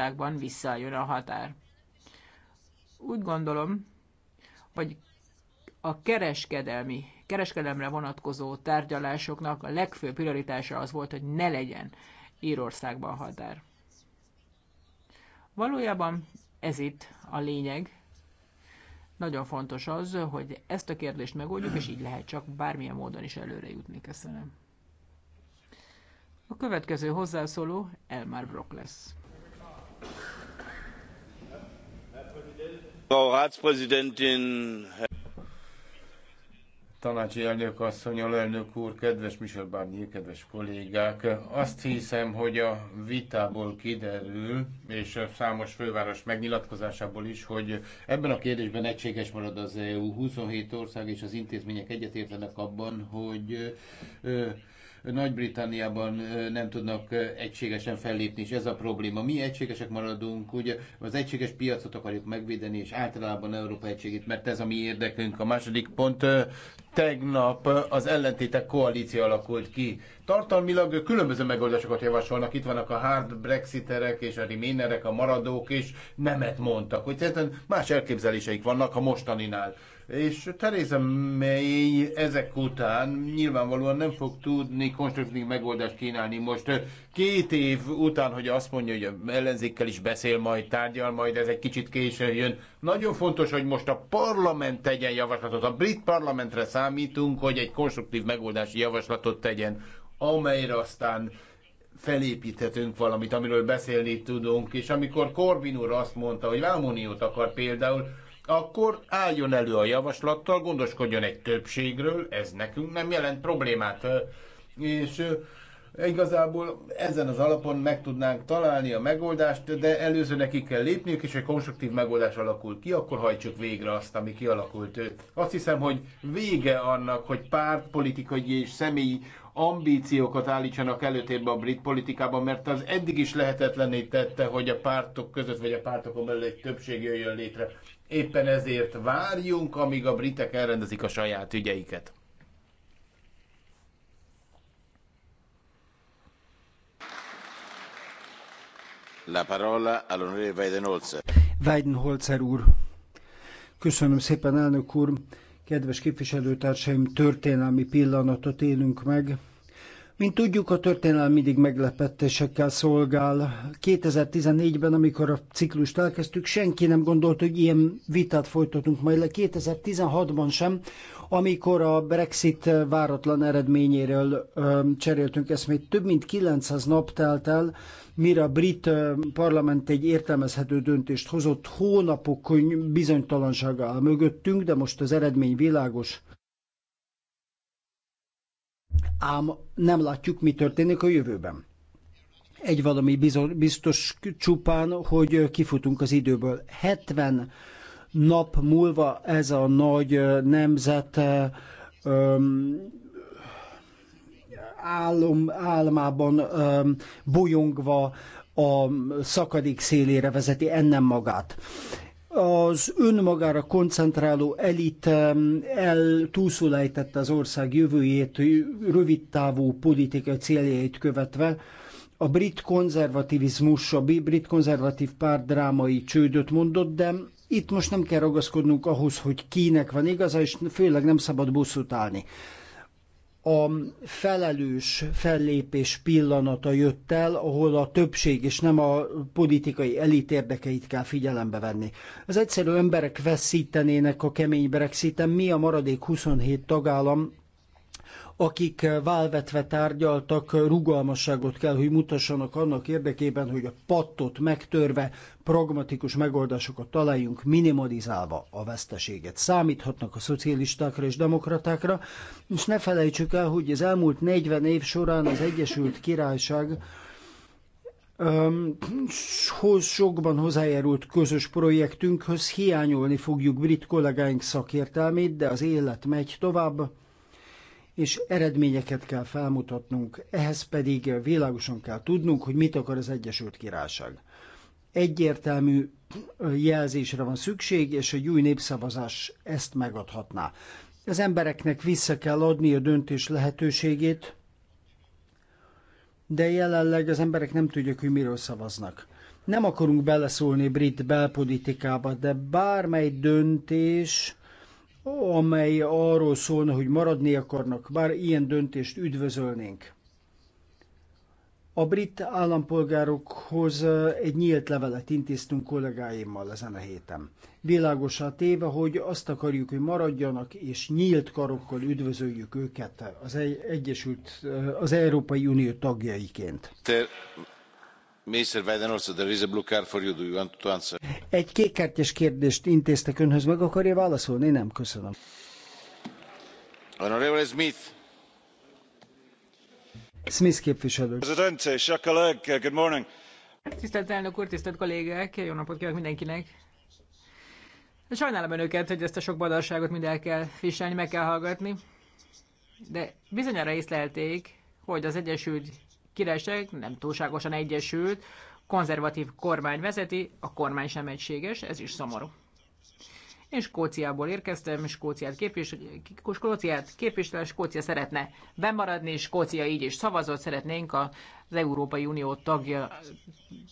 országban visszajön a határ. Úgy gondolom, hogy a kereskedelmi, kereskedelemre vonatkozó tárgyalásoknak a legfőbb prioritása az volt, hogy ne legyen Írországban határ. Valójában ez itt a lényeg. Nagyon fontos az, hogy ezt a kérdést megoldjuk, és így lehet csak bármilyen módon is előre jutni. Köszönöm. A következő hozzászóló Elmar Brock lesz. Frau Ratspräsidentin! Tanácsi elnök asszony, alelnök úr, kedves Michel Barnier, kedves kollégák! Azt hiszem, hogy a vitából kiderül, és a számos főváros megnyilatkozásából is, hogy ebben a kérdésben egységes marad az EU. 27 ország és az intézmények egyetértenek abban, hogy nagy-Britanniában nem tudnak egységesen fellépni, és ez a probléma. Mi egységesek maradunk, ugye az egységes piacot akarjuk megvédeni, és általában Európa egységét, mert ez a mi érdekünk. A második pont, tegnap az ellentétek koalíció alakult ki. Tartalmilag különböző megoldásokat javasolnak. Itt vannak a hard brexiterek és a remainerek, a maradók, és nemet mondtak. Hogy más elképzeléseik vannak a mostaninál. És Theresa May ezek után nyilvánvalóan nem fog tudni konstruktív megoldást kínálni most. Két év után, hogy azt mondja, hogy a ellenzékkel is beszél majd, tárgyal majd, ez egy kicsit későn jön. Nagyon fontos, hogy most a parlament tegyen javaslatot. A brit parlamentre számítunk, hogy egy konstruktív megoldási javaslatot tegyen, amelyre aztán felépíthetünk valamit, amiről beszélni tudunk. És amikor Corbyn úr azt mondta, hogy vámuniót akar például, akkor álljon elő a javaslattal, gondoskodjon egy többségről, ez nekünk nem jelent problémát. És igazából ezen az alapon meg tudnánk találni a megoldást, de előző neki kell lépniük, és egy konstruktív megoldás alakul ki, akkor hajtsuk végre azt, ami kialakult. Azt hiszem, hogy vége annak, hogy pártpolitikai és személyi ambíciókat állítsanak előtérbe a brit politikában, mert az eddig is lehetetlenné tette, hogy a pártok között vagy a pártokon belül egy többség jöjjön létre. Éppen ezért várjunk, amíg a britek elrendezik a saját ügyeiket. La parola all'onorevole Weidenholzer. Weidenholzer úr. Köszönöm szépen, elnök úr. Kedves képviselőtársaim, történelmi pillanatot élünk meg mint tudjuk, a történelem mindig meglepetésekkel szolgál. 2014-ben, amikor a ciklust elkezdtük, senki nem gondolt, hogy ilyen vitát folytatunk majd le. 2016-ban sem, amikor a Brexit váratlan eredményéről ö, cseréltünk eszmét. Több mint 900 nap telt el, mire a brit parlament egy értelmezhető döntést hozott. Hónapok bizonytalansága mögöttünk, de most az eredmény világos ám nem látjuk, mi történik a jövőben. Egy valami biztos csupán, hogy kifutunk az időből. 70 nap múlva ez a nagy nemzet öm, álom, álmában öm, bolyongva a szakadék szélére vezeti ennem magát az önmagára koncentráló elit el túlszulejtette az ország jövőjét rövidtávú politikai céljait követve. A brit konzervativizmus, a brit konzervatív párt drámai csődöt mondott, de itt most nem kell ragaszkodnunk ahhoz, hogy kinek van igaza, és főleg nem szabad bosszút állni a felelős fellépés pillanata jött el, ahol a többség és nem a politikai elit érdekeit kell figyelembe venni. Az egyszerű emberek veszítenének a kemény Brexiten, mi a maradék 27 tagállam akik válvetve tárgyaltak, rugalmasságot kell, hogy mutassanak annak érdekében, hogy a pattot megtörve pragmatikus megoldásokat találjunk, minimalizálva a veszteséget. Számíthatnak a szocialistákra és demokratákra, és ne felejtsük el, hogy az elmúlt 40 év során az Egyesült Királyság hoz sokban hozzájárult közös projektünkhöz, hiányolni fogjuk brit kollégáink szakértelmét, de az élet megy tovább és eredményeket kell felmutatnunk, ehhez pedig világosan kell tudnunk, hogy mit akar az Egyesült Királyság. Egyértelmű jelzésre van szükség, és egy új népszavazás ezt megadhatná. Az embereknek vissza kell adni a döntés lehetőségét, de jelenleg az emberek nem tudják, hogy miről szavaznak. Nem akarunk beleszólni brit belpolitikába, de bármely döntés, amely arról szólna, hogy maradni akarnak, bár ilyen döntést üdvözölnénk. A brit állampolgárokhoz egy nyílt levelet intéztünk kollégáimmal ezen a héten. Világosá téve, hogy azt akarjuk, hogy maradjanak, és nyílt karokkal üdvözöljük őket az Egyesült, az Európai Unió tagjaiként. Te... Mr. Biden also there is a blue card for you. Do you want to answer? Egy kékkártyás kérdést intéztek önhöz, meg akarja válaszolni? Nem, köszönöm. Honorable Smith. Smith képviselő. Presidente, chers collègues, good morning. Tisztelt elnök úr, tisztelt kollégák, jó napot kívánok mindenkinek. Sajnálom önöket, hogy ezt a sok badarságot mind el kell viselni, meg kell hallgatni, de bizonyára észlelték, hogy az Egyesült Királyság nem túlságosan egyesült, konzervatív kormány vezeti, a kormány sem egységes, ez is szomorú. Én Skóciából érkeztem, Skóciát, képvisel, Skóciát képvisel, Skócia szeretne bemaradni, Skócia így is szavazott, szeretnénk az Európai Unió tagja,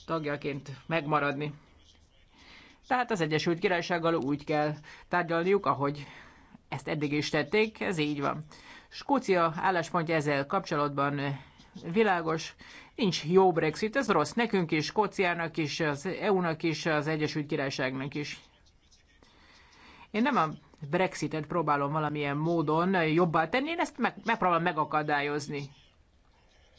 tagjaként megmaradni. Tehát az Egyesült Királysággal úgy kell tárgyalniuk, ahogy ezt eddig is tették, ez így van. Skócia álláspontja ezzel kapcsolatban világos, nincs jó Brexit, ez rossz nekünk is, Skóciának is, az EU-nak is, az Egyesült Királyságnak is. Én nem a Brexitet próbálom valamilyen módon jobbá tenni, én ezt meg, megpróbálom megakadályozni.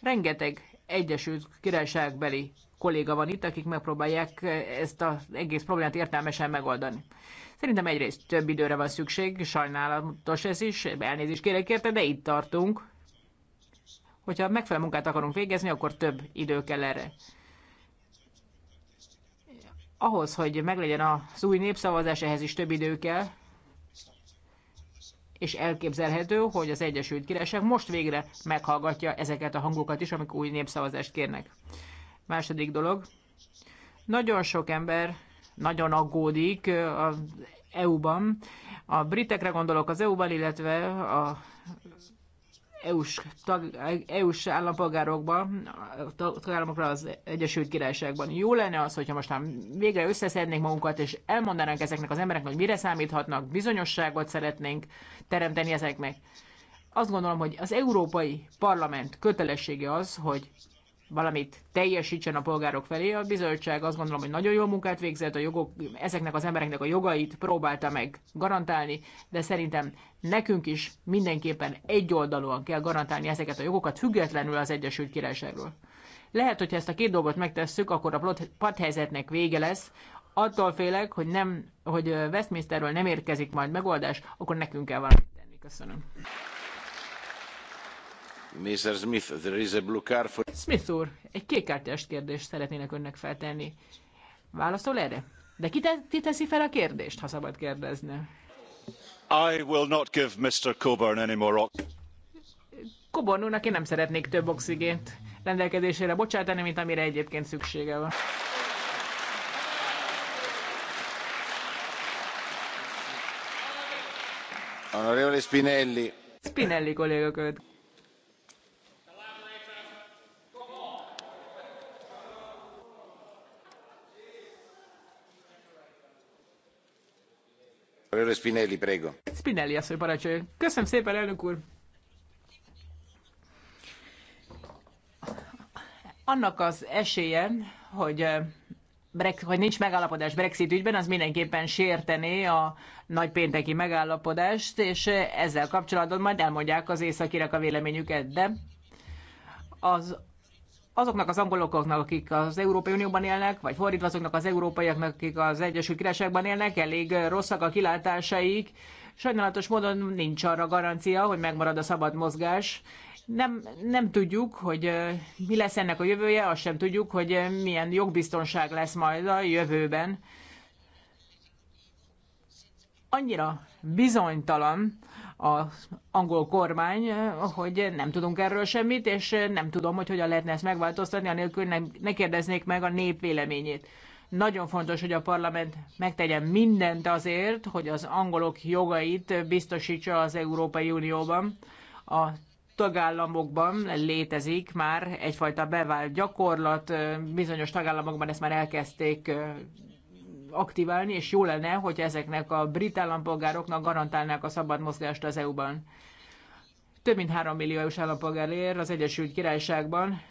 Rengeteg Egyesült Királyságbeli kolléga van itt, akik megpróbálják ezt az egész problémát értelmesen megoldani. Szerintem egyrészt több időre van szükség, sajnálatos ez is, elnézést kérek érte, de itt tartunk hogyha megfelelő munkát akarunk végezni, akkor több idő kell erre. Ahhoz, hogy meglegyen az új népszavazás, ehhez is több idő kell, és elképzelhető, hogy az Egyesült Királyság most végre meghallgatja ezeket a hangokat is, amik új népszavazást kérnek. Második dolog, nagyon sok ember nagyon aggódik az EU-ban. A britekre gondolok az EU-ban, illetve a EU-s, tag, EU-s állampolgárokba, tagállamokra az Egyesült Királyságban. Jó lenne az, hogyha most már végre összeszednék magunkat, és elmondanánk ezeknek az embereknek, hogy mire számíthatnak, bizonyosságot szeretnénk teremteni ezeknek. Azt gondolom, hogy az Európai Parlament kötelessége az, hogy valamit teljesítsen a polgárok felé. A bizottság azt gondolom, hogy nagyon jó munkát végzett, a jogok, ezeknek az embereknek a jogait próbálta meg garantálni, de szerintem nekünk is mindenképpen egy oldalúan kell garantálni ezeket a jogokat, függetlenül az Egyesült Királyságról. Lehet, hogyha ezt a két dolgot megtesszük, akkor a padhelyzetnek vége lesz. Attól félek, hogy, nem, hogy Westminsterről nem érkezik majd megoldás, akkor nekünk kell valamit tenni. Köszönöm. Mr. Smith, there is a blue car. for... Smith úr, egy kékkártyás kérdést szeretnének önnek feltenni. Válaszol erre? De ki, te, ki teszi fel a kérdést, ha szabad kérdezni? I will not give Mr. Coburn any more Coburn úrnak én nem szeretnék több oxigént rendelkezésére bocsátani, mint amire egyébként szüksége van. Honorable Spinelli. Spinelli kolléga követ. Spinelli, prego. Spinelli asszony, parancsoljon. Köszönöm szépen, elnök úr. Annak az esélye, hogy eh, hogy nincs megállapodás Brexit ügyben, az mindenképpen sértené a nagy pénteki megállapodást, és eh, ezzel kapcsolatban majd elmondják az északirek a véleményüket, de az azoknak az angoloknak, akik az Európai Unióban élnek, vagy fordítva azoknak az európaiaknak, akik az Egyesült Királyságban élnek, elég rosszak a kilátásaik. Sajnálatos módon nincs arra garancia, hogy megmarad a szabad mozgás. Nem, nem tudjuk, hogy mi lesz ennek a jövője, azt sem tudjuk, hogy milyen jogbiztonság lesz majd a jövőben annyira bizonytalan az angol kormány, hogy nem tudunk erről semmit, és nem tudom, hogy hogyan lehetne ezt megváltoztatni, anélkül nem, ne kérdeznék meg a nép véleményét. Nagyon fontos, hogy a parlament megtegyen mindent azért, hogy az angolok jogait biztosítsa az Európai Unióban. A tagállamokban létezik már egyfajta bevált gyakorlat, bizonyos tagállamokban ezt már elkezdték aktiválni, és jó lenne, hogy ezeknek a brit állampolgároknak garantálnák a szabad mozgást az EU-ban. Több mint 3 milliós e állampolgár ér az Egyesült Királyságban.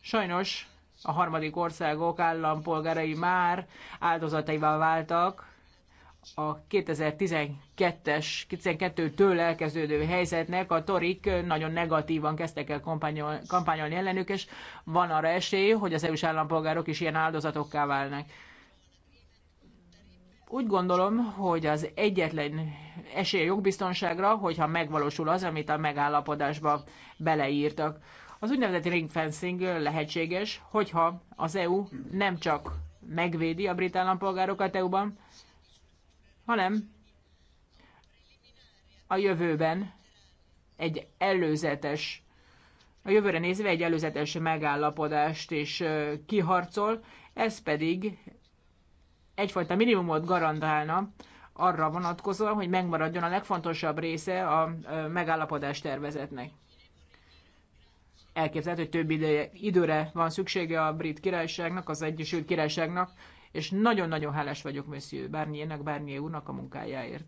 Sajnos a harmadik országok állampolgárai már áldozataival váltak a 2012-es, 2012-től elkezdődő helyzetnek a torik nagyon negatívan kezdtek el kampányol, kampányolni ellenük, és van arra esély, hogy az EU-s állampolgárok is ilyen áldozatokká válnak. Úgy gondolom, hogy az egyetlen esély a jogbiztonságra, hogyha megvalósul az, amit a megállapodásba beleírtak. Az úgynevezett ring fencing lehetséges, hogyha az EU nem csak megvédi a brit állampolgárokat EU-ban, hanem a jövőben egy előzetes, a jövőre nézve egy előzetes megállapodást is kiharcol, ez pedig egyfajta minimumot garantálna arra vonatkozóan, hogy megmaradjon a legfontosabb része a megállapodás tervezetnek. Elképzelhető, hogy több ideje, időre van szüksége a brit királyságnak, az Egyesült Királyságnak, és nagyon-nagyon hálás vagyok Monsieur Barniernek, Barnier úrnak a munkájáért.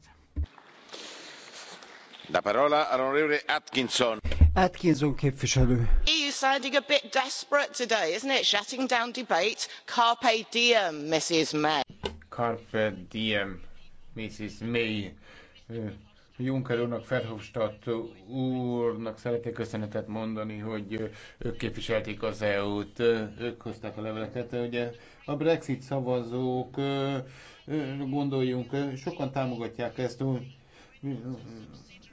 La parola all'onorevole Atkinson. Atkinson képviselő. EU sounding a bit desperate today, isn't it? Shutting down debate. Carpe diem, Mrs. May. Carpe diem, Mrs. May. Juncker úrnak, Verhofstadt úrnak szeretnék köszönetet mondani, hogy ők képviselték az EU-t, ők hozták a leveleket. Ugye a Brexit szavazók, gondoljunk, sokan támogatják ezt,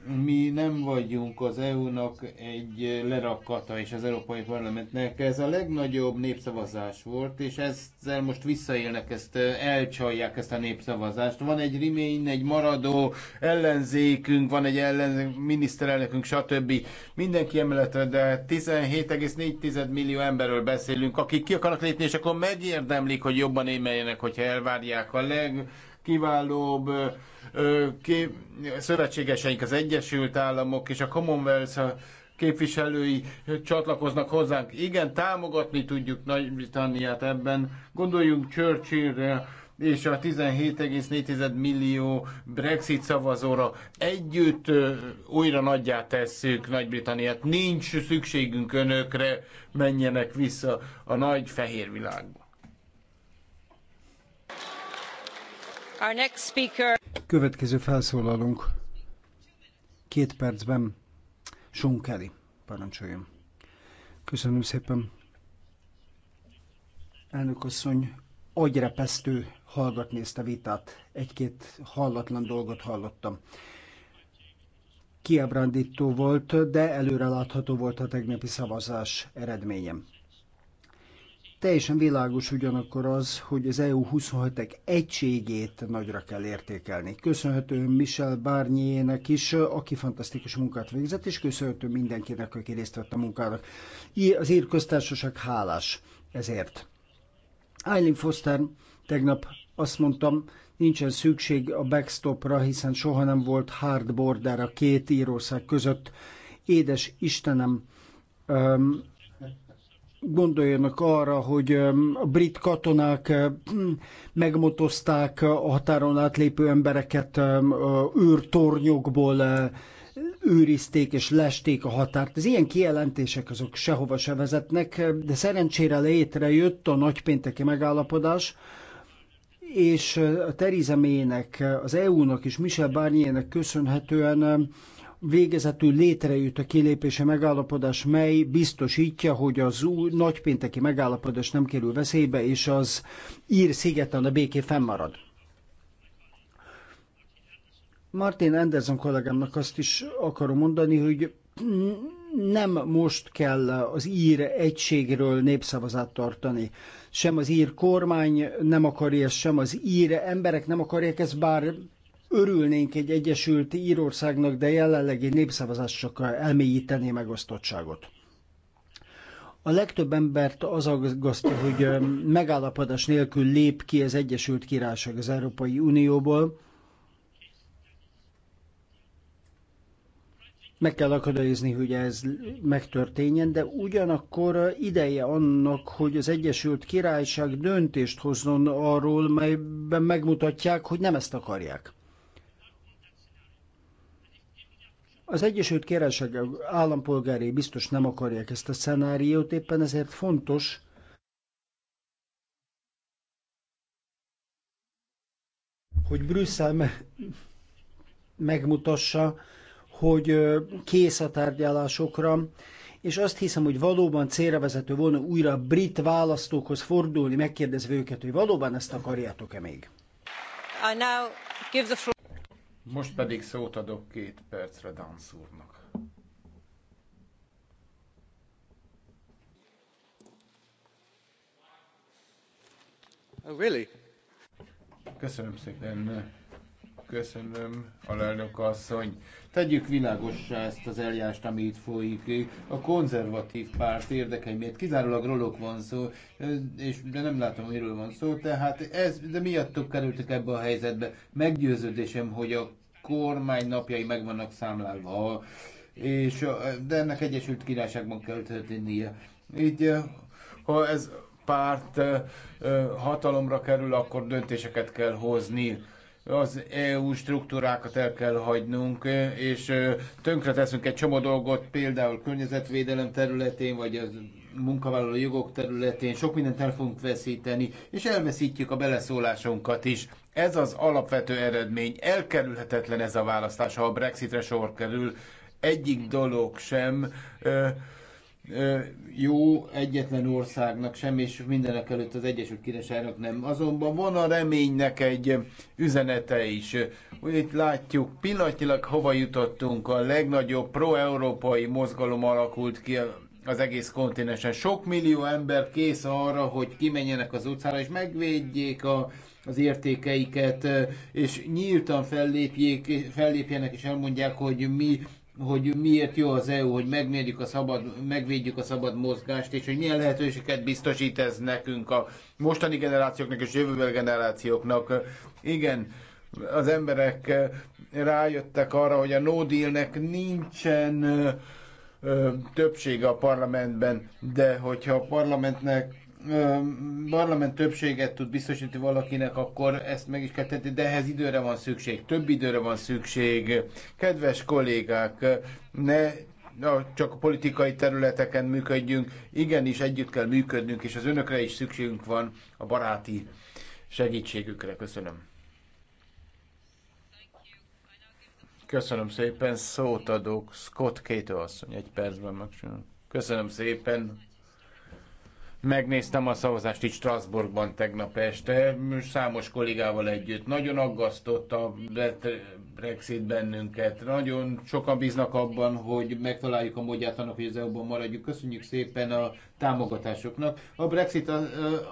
mi nem vagyunk az EU-nak egy lerakata és az Európai Parlamentnek. Ez a legnagyobb népszavazás volt, és ezzel most visszaélnek, ezt elcsalják ezt a népszavazást. Van egy rimény, egy maradó ellenzékünk, van egy ellenzék, miniszterelnökünk, stb. Mindenki emellett, de 17,4 millió emberről beszélünk, akik ki akarnak lépni, és akkor megérdemlik, hogy jobban émeljenek, hogyha elvárják a leg legkiválóbb kép, szövetségeseink az Egyesült Államok és a Commonwealth képviselői csatlakoznak hozzánk. Igen, támogatni tudjuk Nagy-Britanniát ebben. Gondoljunk Churchillre, és a 17,4 millió Brexit szavazóra együtt újra nagyjá tesszük Nagy-Britanniát. Nincs szükségünk önökre, menjenek vissza a nagy fehér világba. Következő felszólalunk két percben Sean Kelly. Parancsoljon. Köszönöm szépen. Elnök asszony, agyrepesztő hallgatni ezt a vitát. Egy-két hallatlan dolgot hallottam. Kiábrándító volt, de előrelátható volt a tegnapi szavazás eredményem. Teljesen világos ugyanakkor az, hogy az EU 27-ek egységét nagyra kell értékelni. Köszönhető Michel Barnier-nek is, aki fantasztikus munkát végzett, és köszönhető mindenkinek, aki részt vett a munkának. Az ír köztársaság hálás ezért. Eileen Foster tegnap azt mondtam, nincsen szükség a backstopra, hiszen soha nem volt hard border a két írószág között. Édes Istenem, gondoljanak arra, hogy a brit katonák megmotozták a határon átlépő embereket, őrtornyokból eh, őrizték és lesték a határt. Az ilyen kijelentések azok sehova se vezetnek, de szerencsére létrejött a nagypénteki megállapodás, és eh, a Theresa az EU-nak és Michel Barnier-nek köszönhetően végezetű létrejött a kilépési megállapodás, mely biztosítja, hogy az új nagypénteki megállapodás nem kerül veszélybe, és az ír szigeten a béké fennmarad. Martin Anderson kollégámnak azt is akarom mondani, hogy nem most kell az ír egységről népszavazát tartani. Sem az ír kormány nem akarja ezt, sem az ír emberek nem akarják ezt, bár Örülnénk egy Egyesült Írországnak, de jelenlegi egy népszavazás csak elmélyíteni megosztottságot. A legtöbb embert az aggasztja, hogy megállapodás nélkül lép ki az Egyesült Királyság az Európai Unióból. Meg kell akadályozni, hogy ez megtörténjen, de ugyanakkor ideje annak, hogy az Egyesült Királyság döntést hozzon arról, melyben megmutatják, hogy nem ezt akarják. Az Egyesült Királyság állampolgárai biztos nem akarják ezt a szenáriót, éppen ezért fontos, hogy Brüsszel me- megmutassa, hogy kész a tárgyalásokra, és azt hiszem, hogy valóban célra vezető volna újra a brit választókhoz fordulni, megkérdezve őket, hogy valóban ezt akarjátok-e még. Most pedig szót adok két percre Dánc úrnak. Oh, really? Köszönöm szépen. Köszönöm, alelnök asszony. Tegyük világossá ezt az eljárást, ami itt folyik. A konzervatív párt érdekei miért kizárólag róluk van szó, és de nem látom, miről van szó, tehát ez, de miattok kerültek ebbe a helyzetbe. Meggyőződésem, hogy a kormány napjai meg vannak számlálva, és, de ennek Egyesült Királyságban kell történnie. Így, ha ez párt hatalomra kerül, akkor döntéseket kell hozni az EU struktúrákat el kell hagynunk, és tönkre teszünk egy csomó dolgot, például környezetvédelem területén, vagy az munkavállaló jogok területén, sok mindent el fogunk veszíteni, és elveszítjük a beleszólásunkat is. Ez az alapvető eredmény. Elkerülhetetlen ez a választás, ha a Brexitre sor kerül. Egyik dolog sem. Ö, jó egyetlen országnak sem, és mindenek előtt az Egyesült Királyságnak nem. Azonban van a reménynek egy üzenete is. Itt látjuk pillanatilag hova jutottunk. A legnagyobb pro-európai mozgalom alakult ki az egész kontinensen. Sok millió ember kész arra, hogy kimenjenek az utcára, és megvédjék a, az értékeiket, és nyíltan fellépjék, fellépjenek, és elmondják, hogy mi hogy miért jó az EU, hogy megmérjük a szabad, megvédjük a szabad mozgást, és hogy milyen lehetőséget biztosít ez nekünk a mostani generációknak és jövőbeli generációknak. Igen, az emberek eh, rájöttek arra, hogy a no dealnek nincsen eh, eh, többsége a parlamentben, de hogyha a parlamentnek parlament többséget tud biztosítani valakinek, akkor ezt meg is kell tenni, de ehhez időre van szükség, több időre van szükség. Kedves kollégák, ne na, csak a politikai területeken működjünk, igenis együtt kell működnünk, és az önökre is szükségünk van a baráti segítségükre. Köszönöm. Köszönöm szépen, szót adok. Scott Kato asszony, egy percben megcsinálom. Köszönöm szépen. Megnéztem a szavazást itt Strasbourgban tegnap este, számos kollégával együtt. Nagyon aggasztott a Brexit bennünket. Nagyon sokan bíznak abban, hogy megtaláljuk a módját annak, hogy az EU-ban maradjuk. Köszönjük szépen a támogatásoknak. A Brexit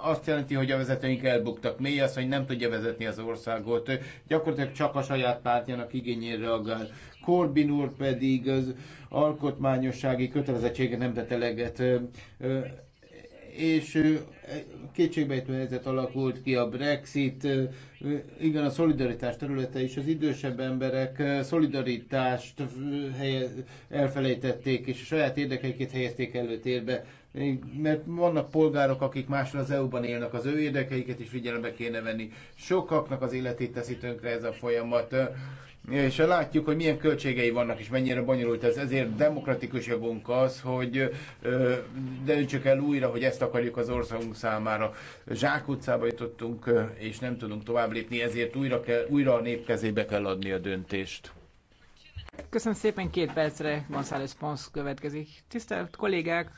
azt jelenti, hogy a vezetőink elbuktak. Mély az, hogy nem tudja vezetni az országot. Gyakorlatilag csak a saját pártjának igényére reagál. Corbyn úr pedig az alkotmányossági kötelezettsége nem tett eleget és kétségbejtő helyzet alakult ki a Brexit, igen, a szolidaritás területe is, az idősebb emberek szolidaritást elfelejtették, és a saját érdekeiket helyezték előtérbe mert vannak polgárok, akik máshol az EU-ban élnek, az ő érdekeiket is figyelembe kéne venni. Sokaknak az életét teszi tönkre ez a folyamat, és látjuk, hogy milyen költségei vannak, és mennyire bonyolult ez. Ezért demokratikus jogunk az, hogy döntsük el újra, hogy ezt akarjuk az országunk számára. Zsákutcába jutottunk, és nem tudunk tovább lépni, ezért újra, kell, újra a nép kezébe kell adni a döntést. Köszönöm szépen, két percre González Pons következik. Tisztelt kollégák,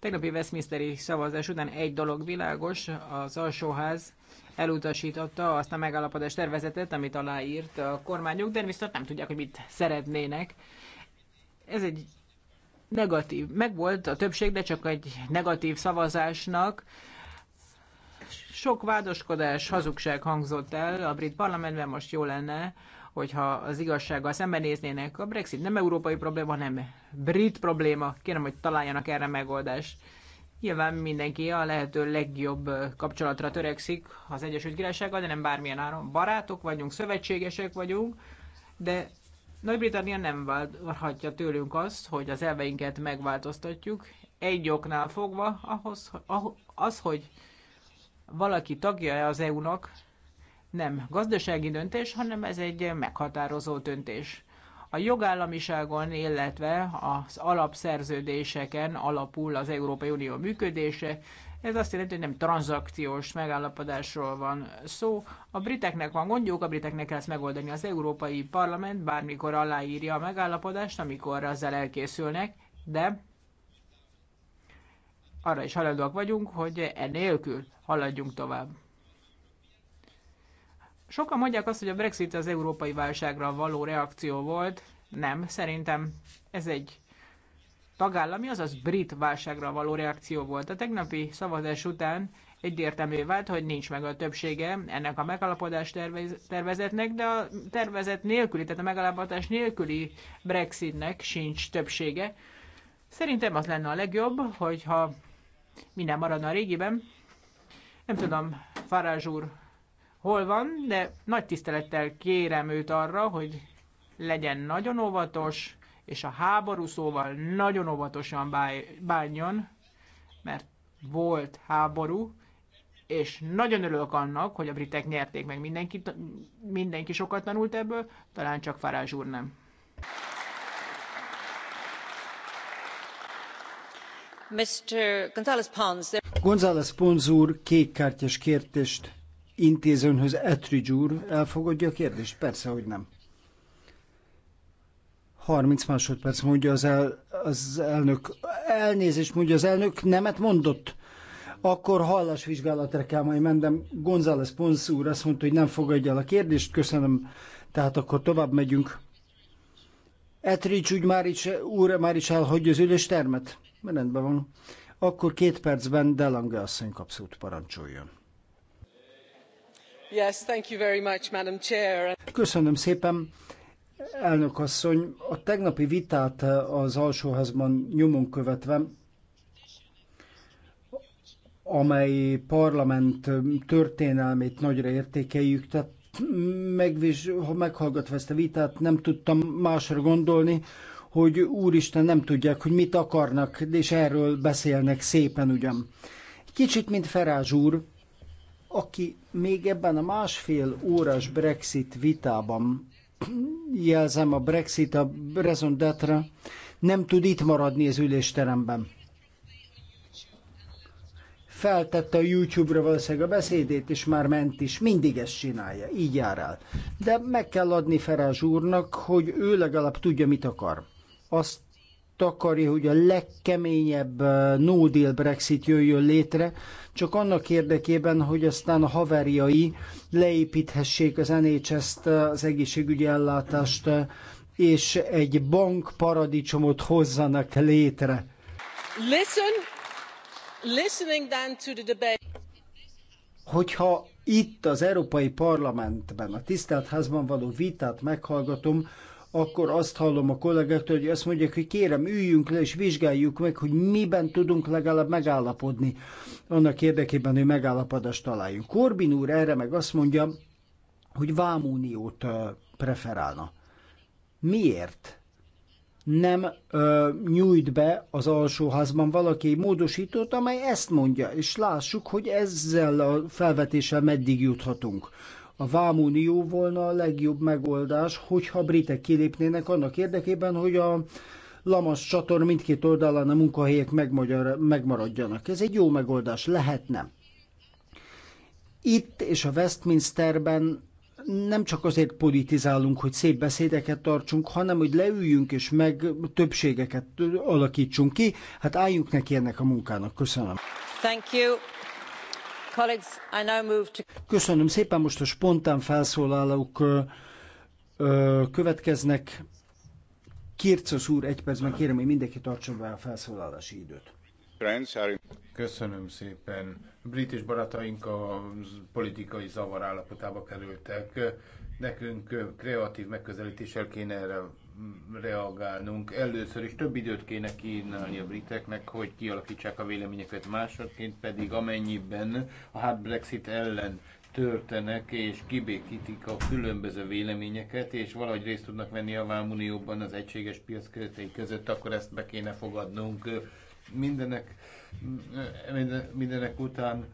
Tegnapi Westminsteri szavazás után egy dolog világos, az alsóház elutasította azt a megállapodás tervezetet, amit aláírt a kormányok, de viszont nem tudják, hogy mit szeretnének. Ez egy negatív, megvolt a többség, de csak egy negatív szavazásnak, sok vádoskodás, hazugság hangzott el a brit parlamentben, most jó lenne, hogyha az igazsággal szembenéznének. A Brexit nem európai probléma, hanem brit probléma. Kérem, hogy találjanak erre megoldást. Nyilván mindenki a lehető legjobb kapcsolatra törekszik az Egyesült Királysággal, de nem bármilyen áron. Barátok vagyunk, szövetségesek vagyunk, de Nagy-Britannia nem várhatja tőlünk azt, hogy az elveinket megváltoztatjuk. Egy oknál fogva ahhoz, ah, az, hogy valaki tagja az EU-nak, nem gazdasági döntés, hanem ez egy meghatározó döntés. A jogállamiságon, illetve az alapszerződéseken alapul az Európai Unió működése. Ez azt jelenti, hogy nem tranzakciós megállapodásról van szó. A briteknek van gondjuk, a briteknek kell ezt megoldani. Az Európai Parlament bármikor aláírja a megállapodást, amikor ezzel elkészülnek, de arra is haladóak vagyunk, hogy enélkül haladjunk tovább. Sokan mondják azt, hogy a Brexit az európai válságra való reakció volt. Nem, szerintem ez egy tagállami, azaz brit válságra való reakció volt. A tegnapi szavazás után egyértelmű vált, hogy nincs meg a többsége ennek a megalapodás tervez, tervezetnek, de a tervezet nélküli, tehát a megalapodás nélküli Brexitnek sincs többsége. Szerintem az lenne a legjobb, hogyha minden maradna a régiben. Nem tudom, Farázs úr hol van, de nagy tisztelettel kérem őt arra, hogy legyen nagyon óvatos, és a háború szóval nagyon óvatosan bánjon, mert volt háború, és nagyon örülök annak, hogy a britek nyerték meg mindenki, mindenki sokat tanult ebből, talán csak Farázs úr nem. Mr. González Pons, González Pons úr kékkártyás kértést intézőnhöz Etridge úr elfogadja a kérdést? Persze, hogy nem. 30 másodperc mondja az, el, az elnök. Elnézést mondja az elnök, nemet mondott. Akkor hallásvizsgálatra kell majd mennem. González Pons úr azt mondta, hogy nem fogadja el a kérdést. Köszönöm. Tehát akkor tovább megyünk. Etrics úgy már is, úr már is elhagyja az üléstermet? Rendben van. Akkor két percben Delange asszony kapszót parancsoljon. Köszönöm szépen. Elnök asszony, a tegnapi vitát eh, az alsóházban nyomon követve, amely parlament eh, történelmét nagyra értékeljük, tehát megvizs, ha meghallgatva ezt a vitát, nem tudtam másra gondolni, hogy úristen nem tudják, hogy mit akarnak, és erről beszélnek szépen ugyan. Kicsit, mint Ferázs úr, aki még ebben a másfél órás Brexit vitában, jelzem a Brexit a raison d'être, nem tud itt maradni az ülésteremben. Feltette a YouTube-ra valószínűleg a beszédét, és már ment is. Mindig ezt csinálja, így jár el. De meg kell adni Ferázs úrnak, hogy ő legalább tudja, mit akar. Azt takarja, hogy a legkeményebb uh, no deal Brexit jöjjön létre, csak annak érdekében, hogy aztán a haverjai leépíthessék az NHS-t, uh, az egészségügyi ellátást, uh, és egy bank paradicsomot hozzanak létre. Listen, listening then to the debate. Hogyha itt az Európai Parlamentben, a tisztelt házban való vitát meghallgatom, akkor azt hallom a kollégáktól, hogy azt mondják, hogy kérem, üljünk le és vizsgáljuk meg, hogy miben tudunk legalább megállapodni annak érdekében, hogy megállapodást találjunk. Korbin úr erre meg azt mondja, hogy vámúniót preferálna. Miért? nem ö, nyújt be az alsóházban valaki egy módosítót, amely ezt mondja, és lássuk, hogy ezzel a felvetéssel meddig juthatunk. A vámunió volna a legjobb megoldás, hogyha a britek kilépnének annak érdekében, hogy a Lamas csator mindkét oldalán a munkahelyek megmaradjanak. Ez egy jó megoldás, lehetne. Itt és a Westminsterben nem csak azért politizálunk, hogy szép beszédeket tartsunk, hanem hogy leüljünk és meg többségeket alakítsunk ki. Hát álljunk neki ennek a munkának. Köszönöm. Thank you. Köszönöm szépen, most a spontán felszólalók következnek. Kircos úr, egy percben kérem, hogy mindenki tartson be a felszólalási időt. Köszönöm szépen. Brit és barátaink a politikai zavar állapotába kerültek. Nekünk kreatív megközelítéssel kéne erre reagálnunk. Először is több időt kéne kínálni a briteknek, hogy kialakítsák a véleményeket, másodként pedig amennyiben a hard Brexit ellen törtenek és kibékítik a különböző véleményeket, és valahogy részt tudnak venni a Vámunióban az egységes piac keretei között, akkor ezt be kéne fogadnunk mindenek, mindenek után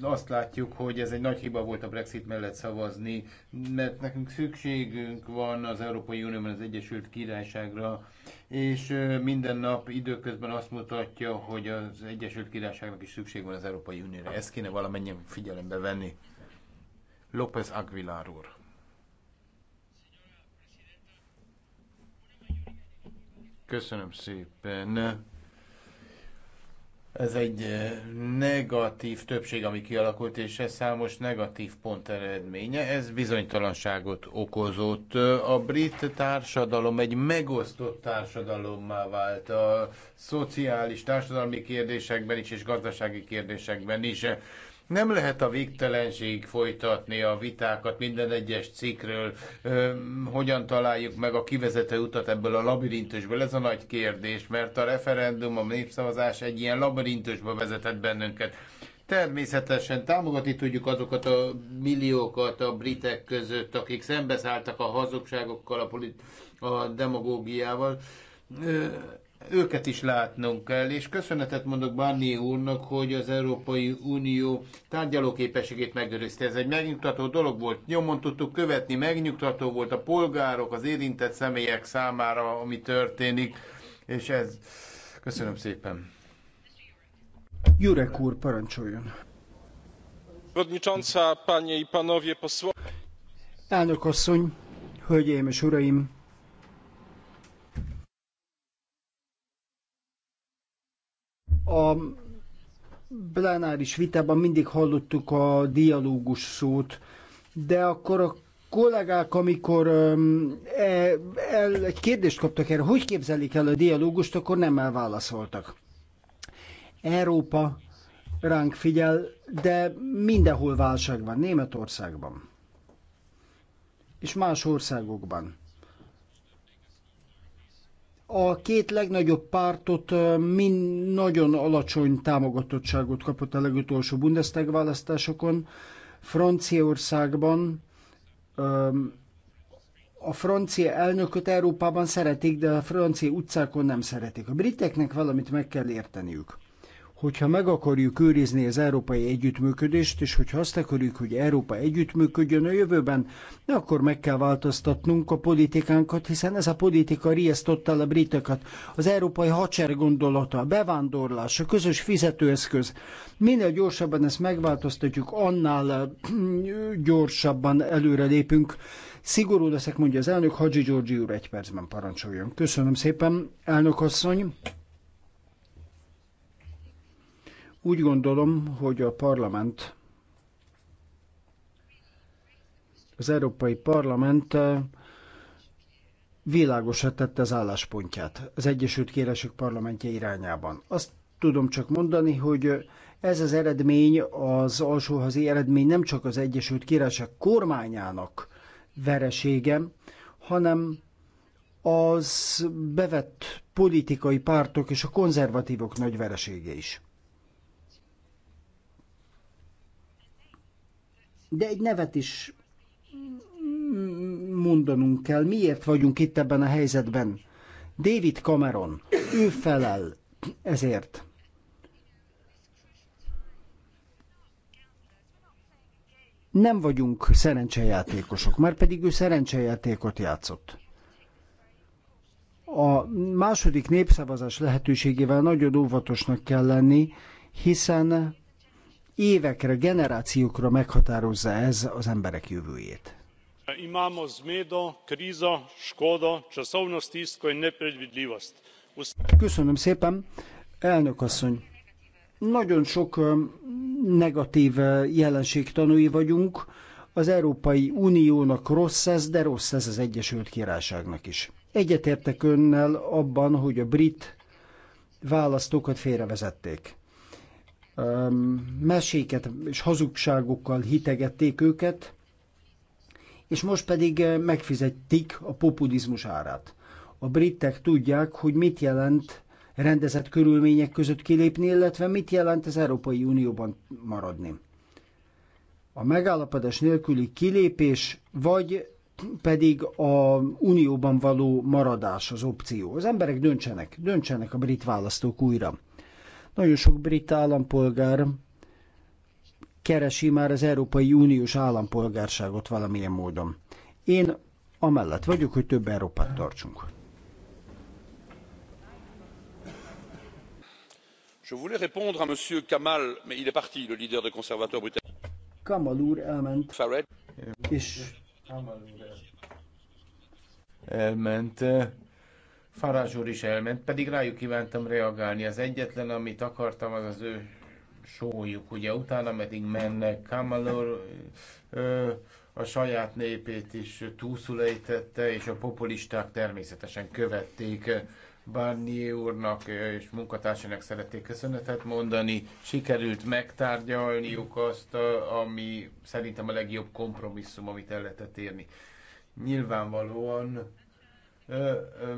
azt látjuk, hogy ez egy nagy hiba volt a Brexit mellett szavazni, mert nekünk szükségünk van az Európai Unióban az Egyesült Királyságra, és minden nap időközben azt mutatja, hogy az Egyesült Királyságnak is szükség van az Európai Unióra. Ezt kéne valamennyien figyelembe venni. López Aguilar úr. Köszönöm szépen ez egy eh, negatív többség, ami kialakult, és ez számos negatív pont eredménye. Ez bizonytalanságot okozott. A brit társadalom egy megosztott társadalommá vált a szociális, társadalmi kérdésekben is, és gazdasági kérdésekben is. Nem lehet a végtelenség folytatni a vitákat minden egyes cikkről, hogyan találjuk meg a kivezető utat ebből a labirintusból. Ez a nagy kérdés, mert a referendum, a népszavazás egy ilyen labirintusba vezetett bennünket. Természetesen támogatni tudjuk azokat a milliókat a britek között, akik szembeszálltak a hazugságokkal, a, polit- a demagógiával őket is látnunk kell, és köszönetet mondok Barni úrnak, hogy az Európai Unió tárgyalóképességét megőrizte. Ez egy megnyugtató dolog volt, nyomon tudtuk követni, megnyugtató volt a polgárok, az érintett személyek számára, ami történik, és ez... Köszönöm szépen. Jurek úr, parancsoljon. Elnök asszony, hölgyeim és uraim, A plenáris vitában mindig hallottuk a dialógus szót, de akkor a kollégák, amikor e, el, egy kérdést kaptak erre, hogy képzelik el a dialógust, akkor nem elválaszoltak. Európa ránk figyel, de mindenhol válság van, Németországban és más országokban a két legnagyobb pártot mind nagyon alacsony támogatottságot kapott a legutolsó Bundestag választásokon. Franciaországban a francia elnököt Európában szeretik, de a francia utcákon nem szeretik. A briteknek valamit meg kell érteniük hogyha meg akarjuk őrizni az európai együttműködést, és hogyha azt akarjuk, hogy Európa együttműködjön a jövőben, akkor meg kell változtatnunk a politikánkat, hiszen ez a politika riasztott el a britokat. Az európai hadsereg gondolata, a bevándorlás, a közös fizetőeszköz. Minél gyorsabban ezt megváltoztatjuk, annál gyorsabban előrelépünk. Szigorú leszek, mondja az elnök, Hadzsi Georgi úr egy percben parancsoljon. Köszönöm szépen, elnök asszony. Úgy gondolom, hogy a parlament, az Európai Parlament eh, világosra tette az álláspontját az Egyesült Királyság parlamentje irányában. Azt tudom csak mondani, hogy ez az eredmény, az alsóházi eredmény nem csak az Egyesült Királyság kormányának veresége, hanem az bevett politikai pártok és a konzervatívok nagy veresége is. de egy nevet is mondanunk kell. Miért vagyunk itt ebben a helyzetben? David Cameron, ő felel ezért. Nem vagyunk szerencsejátékosok, már pedig ő szerencsejátékot játszott. A második népszavazás lehetőségével nagyon óvatosnak kell lenni, hiszen évekre, generációkra meghatározza ez az emberek jövőjét. Imamo zmedo, krizo, škodo, časovno stisko in nepredvidljivost. Köszönöm szépen, elnök asszony. Nagyon sok negatív jelenség tanúi vagyunk. Az Európai Uniónak rossz ez, de rossz ez az Egyesült Királyságnak is. Egyetértek önnel abban, hogy a brit választókat félrevezették meséket és hazugságokkal hitegették őket, és most pedig megfizették a populizmus árát. A britek tudják, hogy mit jelent rendezett körülmények között kilépni, illetve mit jelent az Európai Unióban maradni. A megállapodás nélküli kilépés, vagy pedig a unióban való maradás az opció. Az emberek döntsenek, döntsenek a brit választók újra. Nagyon sok brit állampolgár keresi már az Európai Uniós állampolgárságot valamilyen módon. Én amellett vagyok, hogy több Európát tartsunk. Je voulais répondre à Monsieur Kamal, mais il est parti, le leader des conservateurs britanniques. Kamal úr elment. Farage. És... Kamal úr elment. Farázs úr is elment, pedig rájuk kívántam reagálni. Az egyetlen, amit akartam, az az ő sójuk. Ugye utána pedig mennek Kamalor, ö, a saját népét is túlszulejtette, és a populisták természetesen követték. Barnier úrnak és munkatársának szeretnék köszönetet mondani. Sikerült megtárgyalniuk azt, ami szerintem a legjobb kompromisszum, amit el lehetett érni. Nyilvánvalóan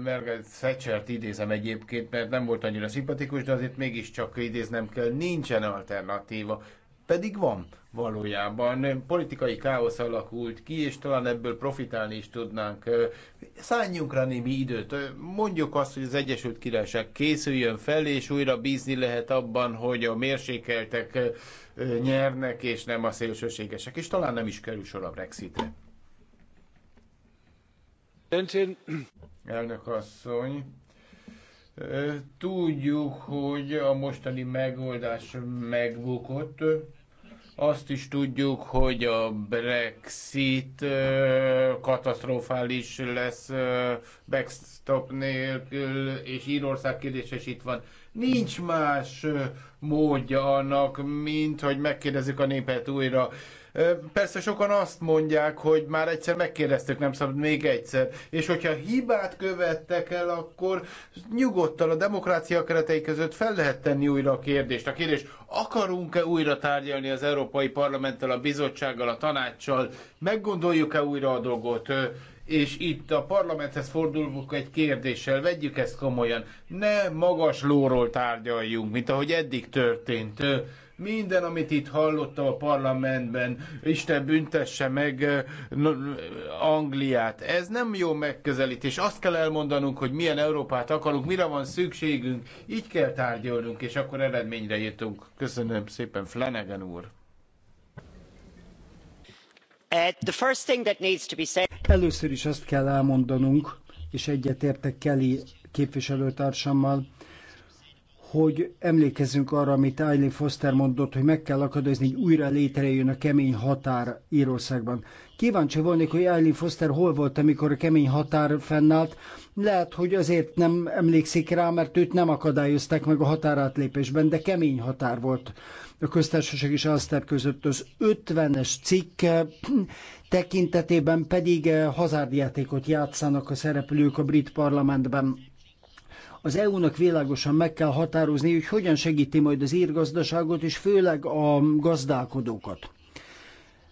Margaret Thatchert idézem egyébként, mert nem volt annyira szimpatikus, de azért mégiscsak idéznem kell, nincsen alternatíva. Pedig van valójában. Politikai káosz alakult ki, és talán ebből profitálni is tudnánk. Szálljunk rá némi időt. Mondjuk azt, hogy az Egyesült Királyság készüljön fel, és újra bízni lehet abban, hogy a mérsékeltek nyernek, és nem a szélsőségesek, és talán nem is kerül sor a Brexitre. Elnök asszony, tudjuk, hogy a mostani megoldás megbukott. Azt is tudjuk, hogy a Brexit katasztrofális lesz backstop nélkül, és Írország kérdése is itt van. Nincs más módja annak, mint hogy megkérdezzük a népet újra Persze sokan azt mondják, hogy már egyszer megkérdeztük, nem szabad még egyszer. És hogyha hibát követtek el, akkor nyugodtan a demokrácia keretei között fel lehet tenni újra a kérdést. A kérdés, akarunk-e újra tárgyalni az Európai Parlamenttel, a bizottsággal, a tanácssal, meggondoljuk-e újra a dolgot, és itt a parlamenthez fordulunk egy kérdéssel, vegyük ezt komolyan, ne magas lóról tárgyaljunk, mint ahogy eddig történt. Minden, amit itt hallottam a parlamentben, Isten büntesse meg Angliát. Ez nem jó megközelítés. Azt kell elmondanunk, hogy milyen Európát akarunk, mire van szükségünk. Így kell tárgyalnunk, és akkor eredményre jutunk. Köszönöm szépen, Flanagan úr. Uh, Először is azt kell elmondanunk, és egyetértek Kelly képviselőtársammal, hogy emlékezzünk arra, amit Eileen Foster mondott, hogy meg kell akadozni, hogy újra létrejön a kemény határ Írországban. Kíváncsi volnék, hogy Eileen Foster hol volt, amikor a kemény határ fennállt. Lehet, hogy azért nem emlékszik rá, mert őt nem akadályozták meg a határátlépésben, de kemény határ volt a köztársaság és Alszter között. Az 50-es cikk tekintetében pedig eh, hazárdjátékot játszanak a szereplők a brit parlamentben az EU-nak világosan meg kell határozni, hogy hogyan segíti majd az írgazdaságot, és főleg a gazdálkodókat.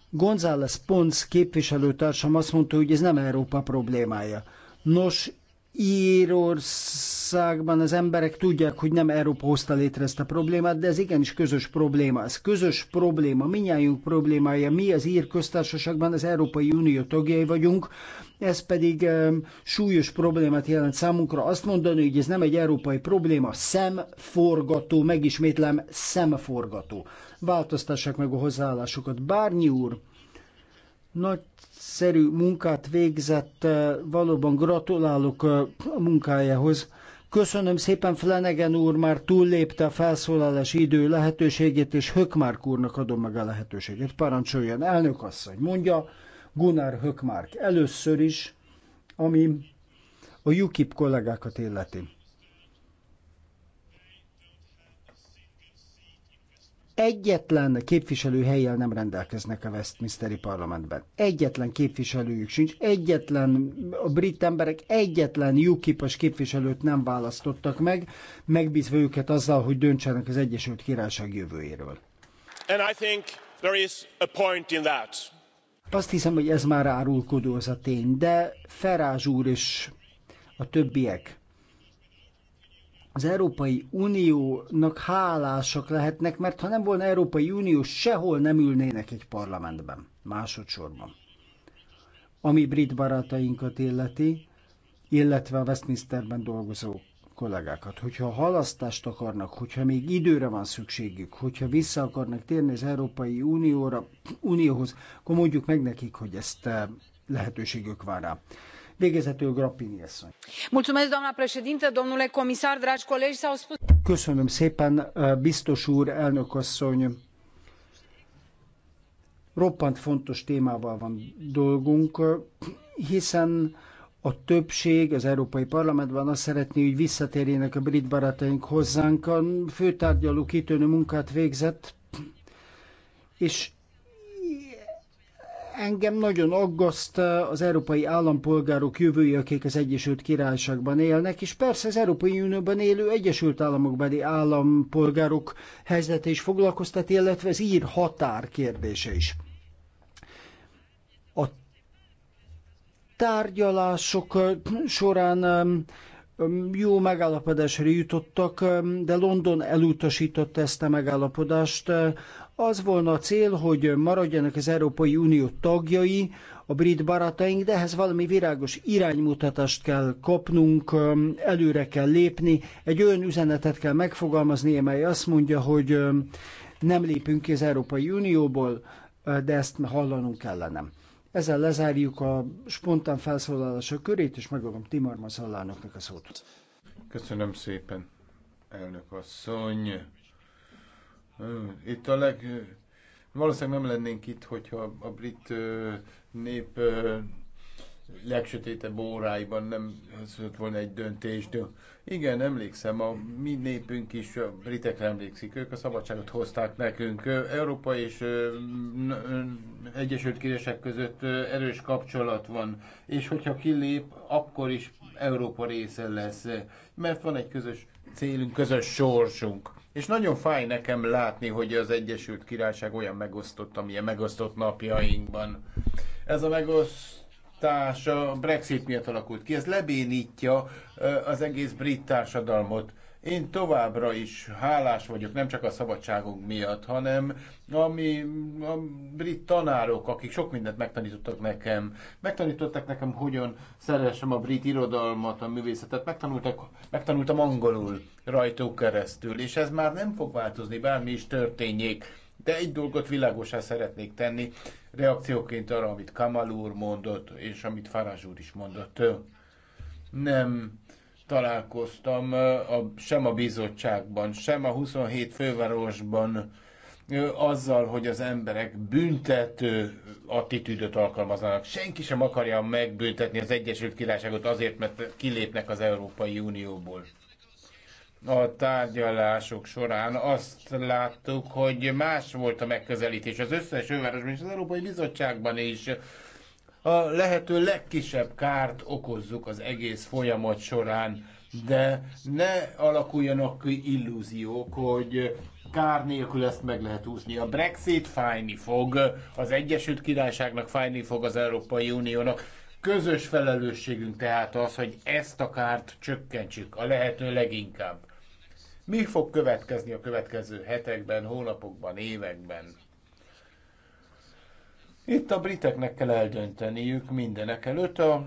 González Pons képviselőtársam azt mondta, hogy ez nem Európa problémája. Nos, Írországban az emberek tudják, hogy nem Európa hozta létre ezt a problémát, de ez igenis közös probléma. Ez közös probléma, minnyájunk problémája. Mi az ír köztársaságban az Európai Unió tagjai vagyunk, ez pedig súlyos problémát jelent számunkra. Azt mondani, hogy ez nem egy európai probléma, szemforgató, megismétlem, szemforgató. Változtassák meg a hozzáállásokat. Bárnyi úr, nagyszerű munkát végzett, eh, valóban gratulálok eh, a munkájához. Köszönöm szépen, Flanagan úr már túllépte a felszólalás idő lehetőségét, és Hökmárk úrnak adom meg a lehetőséget. Parancsoljon, elnök asszony, mondja, Gunnar Hökmark először is, ami a UKIP kollégákat illeti. Egyetlen képviselőhelyjel nem rendelkeznek a Westminsteri parlamentben. Egyetlen képviselőjük sincs, egyetlen a brit emberek egyetlen UKIP-os képviselőt nem választottak meg, megbízva őket azzal, hogy döntsenek az Egyesült Királyság jövőjéről. And I think there is a point in that azt hiszem, hogy ez már árulkodó az a tény, de Ferázs úr és a többiek az Európai Uniónak hálásak lehetnek, mert ha nem volna Európai Unió, sehol nem ülnének egy parlamentben, másodszorban. Ami brit barátainkat illeti, illetve a Westminsterben dolgozók kollégákat, hogyha halasztást akarnak, hogyha még időre van szükségük, hogyha vissza akarnak térni az Európai Unióra, Unióhoz, akkor mondjuk meg nekik, hogy ezt eh, lehetőségük van rá. Végezetül Grappini asszony. Köszönöm szépen, eh, biztos úr, elnök asszony. Roppant fontos témával van dolgunk, eh, hiszen a többség az Európai Parlamentben azt szeretné, hogy visszatérjenek a brit barátaink hozzánk. A főtárgyaló kitűnő munkát végzett, és engem nagyon aggaszt az európai állampolgárok jövője, akik az Egyesült Királyságban élnek, és persze az Európai Unióban élő Egyesült Államokbeli állampolgárok helyzete is foglalkoztat, illetve az ír határ kérdése is. tárgyalások során jó megállapodásra jutottak, de London elutasította ezt a megállapodást. Az volna a cél, hogy maradjanak az Európai Unió tagjai, a brit barátaink, de ehhez valami virágos iránymutatást kell kapnunk, előre kell lépni, egy olyan üzenetet kell megfogalmazni, amely azt mondja, hogy nem lépünk ki az Európai Unióból, de ezt hallanunk kellene. Ezzel lezárjuk a spontán felszólalások körét, és megadom Timormans allának a szót. Köszönöm szépen, elnök asszony. Itt a leg... Valószínűleg nem lennénk itt, hogyha a brit nép legsötétebb óráiban nem szült volna egy De Igen, emlékszem, a mi népünk is, a britekre emlékszik, ők a szabadságot hozták nekünk. Európa és Egyesült Királyság között erős kapcsolat van, és hogyha kilép, akkor is Európa része lesz, mert van egy közös célunk, közös sorsunk. És nagyon fáj nekem látni, hogy az Egyesült Királyság olyan megosztott, amilyen megosztott napjainkban. Ez a megoszt választás a Brexit miatt alakult ki. Ez lebénítja az egész brit társadalmot. Én továbbra is hálás vagyok, nem csak a szabadságunk miatt, hanem ami a brit tanárok, akik sok mindent megtanítottak nekem, megtanítottak nekem, hogyan szeressem a brit irodalmat, a művészetet, megtanultak, megtanultam angolul rajtuk keresztül, és ez már nem fog változni, bármi is történjék de egy dolgot világosá szeretnék tenni, reakcióként arra, amit Kamal úr mondott, és amit Farázs úr is mondott. Nem találkoztam a, sem a bizottságban, sem a 27 fővárosban azzal, hogy az emberek büntető attitűdöt alkalmaznak. Senki sem akarja megbüntetni az Egyesült Királyságot azért, mert kilépnek az Európai Unióból a tárgyalások során azt láttuk, hogy más volt a megközelítés az összes ővárosban és az Európai Bizottságban is. A lehető legkisebb kárt okozzuk az egész folyamat során, de ne alakuljanak ki illúziók, hogy kár nélkül ezt meg lehet úszni. A Brexit fájni fog, az Egyesült Királyságnak fájni fog az Európai Uniónak. Közös felelősségünk tehát az, hogy ezt a kárt csökkentsük a lehető leginkább. Mi fog következni a következő hetekben, hónapokban, években? Itt a briteknek kell eldönteniük mindenek előtt. Az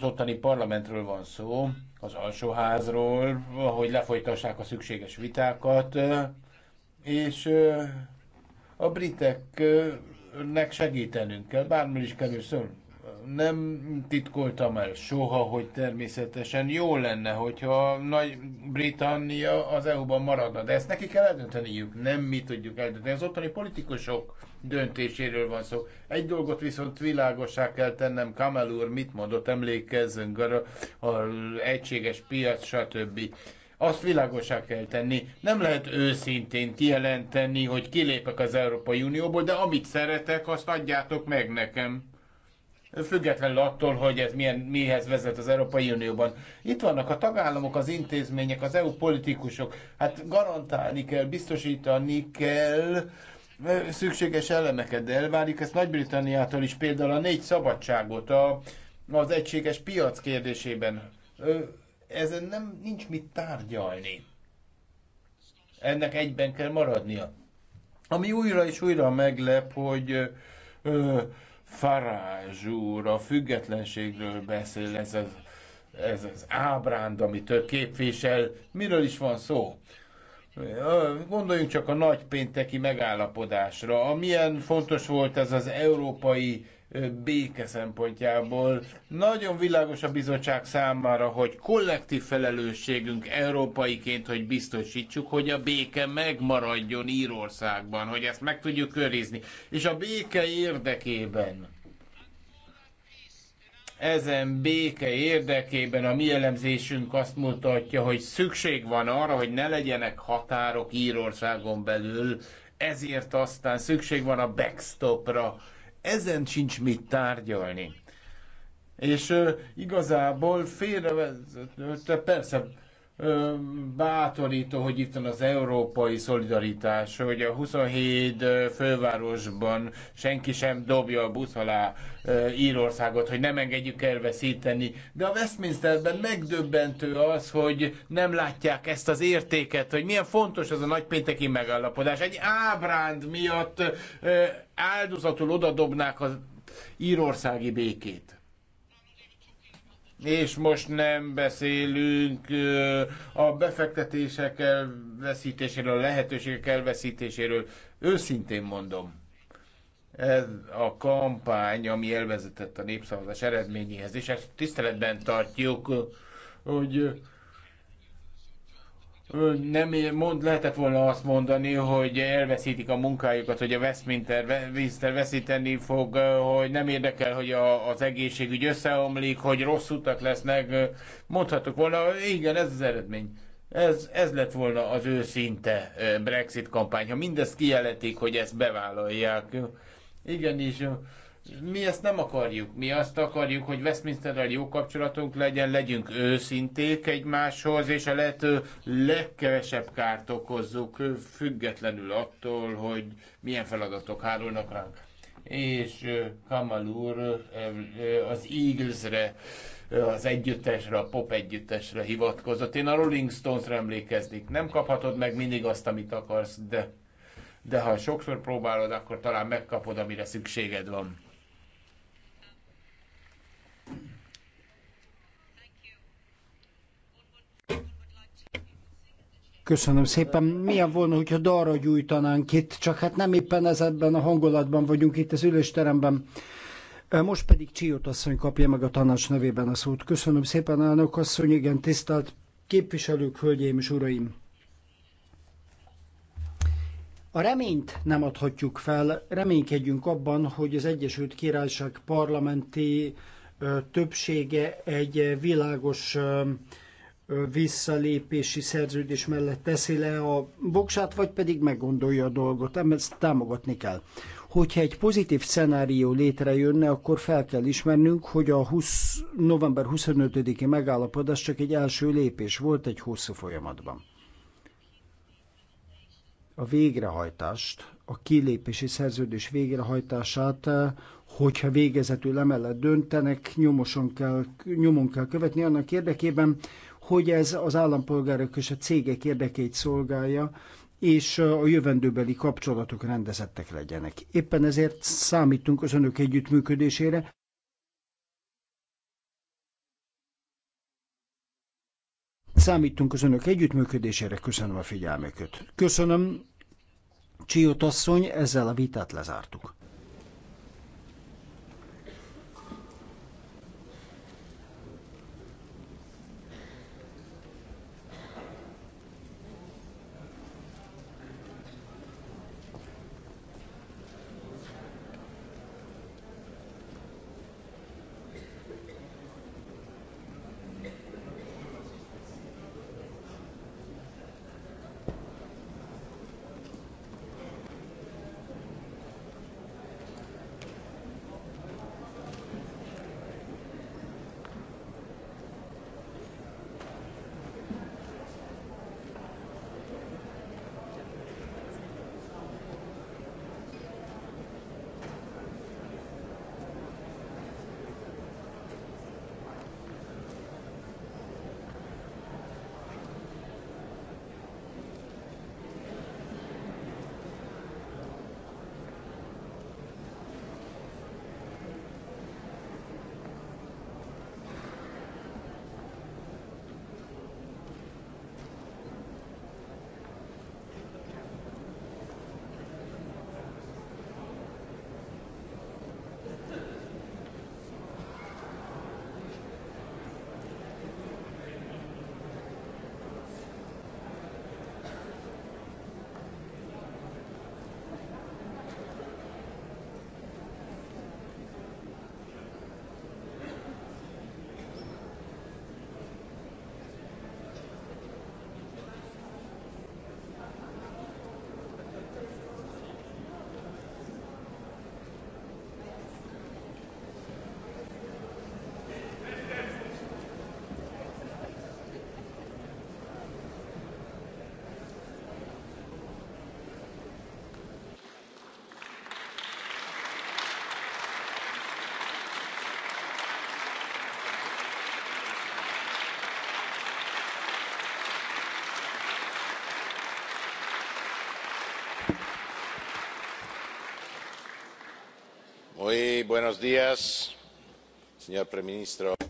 ottani parlamentről van szó, az alsóházról, hogy lefolytassák a szükséges vitákat, és a briteknek segítenünk kell, bármilyen is kerül nem titkoltam el soha, hogy természetesen jó lenne, hogyha Nagy-Britannia az EU-ban maradna, de ezt neki kell eldönteniük, nem mi tudjuk eldönteni. Az ottani politikusok döntéséről van szó. Egy dolgot viszont világosá kell tennem, Kamel úr mit mondott, emlékezzünk arra, a egységes piac, stb. Azt világosá kell tenni. Nem lehet őszintén kijelenteni, hogy kilépek az Európai Unióból, de amit szeretek, azt adjátok meg nekem függetlenül attól, hogy ez milyen, mihez vezet az Európai Unióban. Itt vannak a tagállamok, az intézmények, az EU politikusok. Hát garantálni kell, biztosítani kell szükséges elemeket, de elvárjuk ezt Nagy-Britanniától is, például a négy szabadságot a, az egységes piac kérdésében. Ezen nem nincs mit tárgyalni. Ennek egyben kell maradnia. Ami újra és újra meglep, hogy ö, Farázs úr a függetlenségről beszél, ez az, ez az ábránd, amit ő képvisel. Miről is van szó? Gondoljunk csak a nagypénteki megállapodásra. Milyen fontos volt ez az európai béke szempontjából. Nagyon világos a bizottság számára, hogy kollektív felelősségünk európaiként, hogy biztosítsuk, hogy a béke megmaradjon Írországban, hogy ezt meg tudjuk őrizni. És a béke érdekében ezen béke érdekében a mi elemzésünk azt mutatja, hogy szükség van arra, hogy ne legyenek határok Írországon belül, ezért aztán szükség van a backstopra, ezen sincs mit tárgyalni. És uh, igazából félre persze bátorító, hogy itt van az európai szolidaritás, hogy a 27 fővárosban senki sem dobja a busz alá Írországot, hogy nem engedjük elveszíteni. De a Westminsterben megdöbbentő az, hogy nem látják ezt az értéket, hogy milyen fontos ez a nagypénteki megállapodás. Egy ábránd miatt áldozatul odadobnák az írországi békét és most nem beszélünk a befektetések elveszítéséről, a lehetőségek elveszítéséről. Őszintén mondom, ez a kampány, ami elvezetett a népszavazás eredményéhez, és ezt tiszteletben tartjuk, hogy nem mond, lehetett volna azt mondani, hogy elveszítik a munkájukat, hogy a Westminster, Westminster veszíteni fog, hogy nem érdekel, hogy a, az egészségügy összeomlik, hogy rossz utak lesznek. Mondhatok volna, igen, ez az eredmény. Ez, ez lett volna az őszinte Brexit kampány, ha mindezt kijelentik, hogy ezt bevállalják. Igenis, mi ezt nem akarjuk. Mi azt akarjuk, hogy Westminsterrel jó kapcsolatunk legyen, legyünk őszinték egymáshoz, és a lehető legkevesebb kárt okozzuk, függetlenül attól, hogy milyen feladatok hárulnak ránk. És Kamal úr az Eaglesre, az együttesre, a pop együttesre hivatkozott. Én a Rolling Stones-re emlékeznék. Nem kaphatod meg mindig azt, amit akarsz, de, de ha sokszor próbálod, akkor talán megkapod, amire szükséged van. Köszönöm szépen. Milyen volna, hogyha dalra gyújtanánk itt, csak hát nem éppen ez ebben a hangulatban vagyunk itt az ülésteremben. Most pedig Csiót asszony kapja meg a tanács nevében a szót. Köszönöm szépen, elnök asszony, igen, tisztelt képviselők, hölgyeim és uraim. A reményt nem adhatjuk fel, reménykedjünk abban, hogy az Egyesült Királyság parlamenti többsége egy világos visszalépési szerződés mellett teszi le a voksát, vagy pedig meggondolja a dolgot, ezt támogatni kell. Hogyha egy pozitív szenárió létrejönne, akkor fel kell ismernünk, hogy a 20, november 25-i megállapodás csak egy első lépés volt egy hosszú folyamatban. A végrehajtást, a kilépési szerződés végrehajtását hogyha végezetül emellett döntenek, nyomoson kell, nyomon kell követni annak érdekében, hogy ez az állampolgárok és a cégek érdekeit szolgálja, és a jövendőbeli kapcsolatok rendezettek legyenek. Éppen ezért számítunk az önök együttműködésére. Számítunk az önök együttműködésére, köszönöm a figyelmüket. Köszönöm, Csiót asszony, ezzel a vitát lezártuk.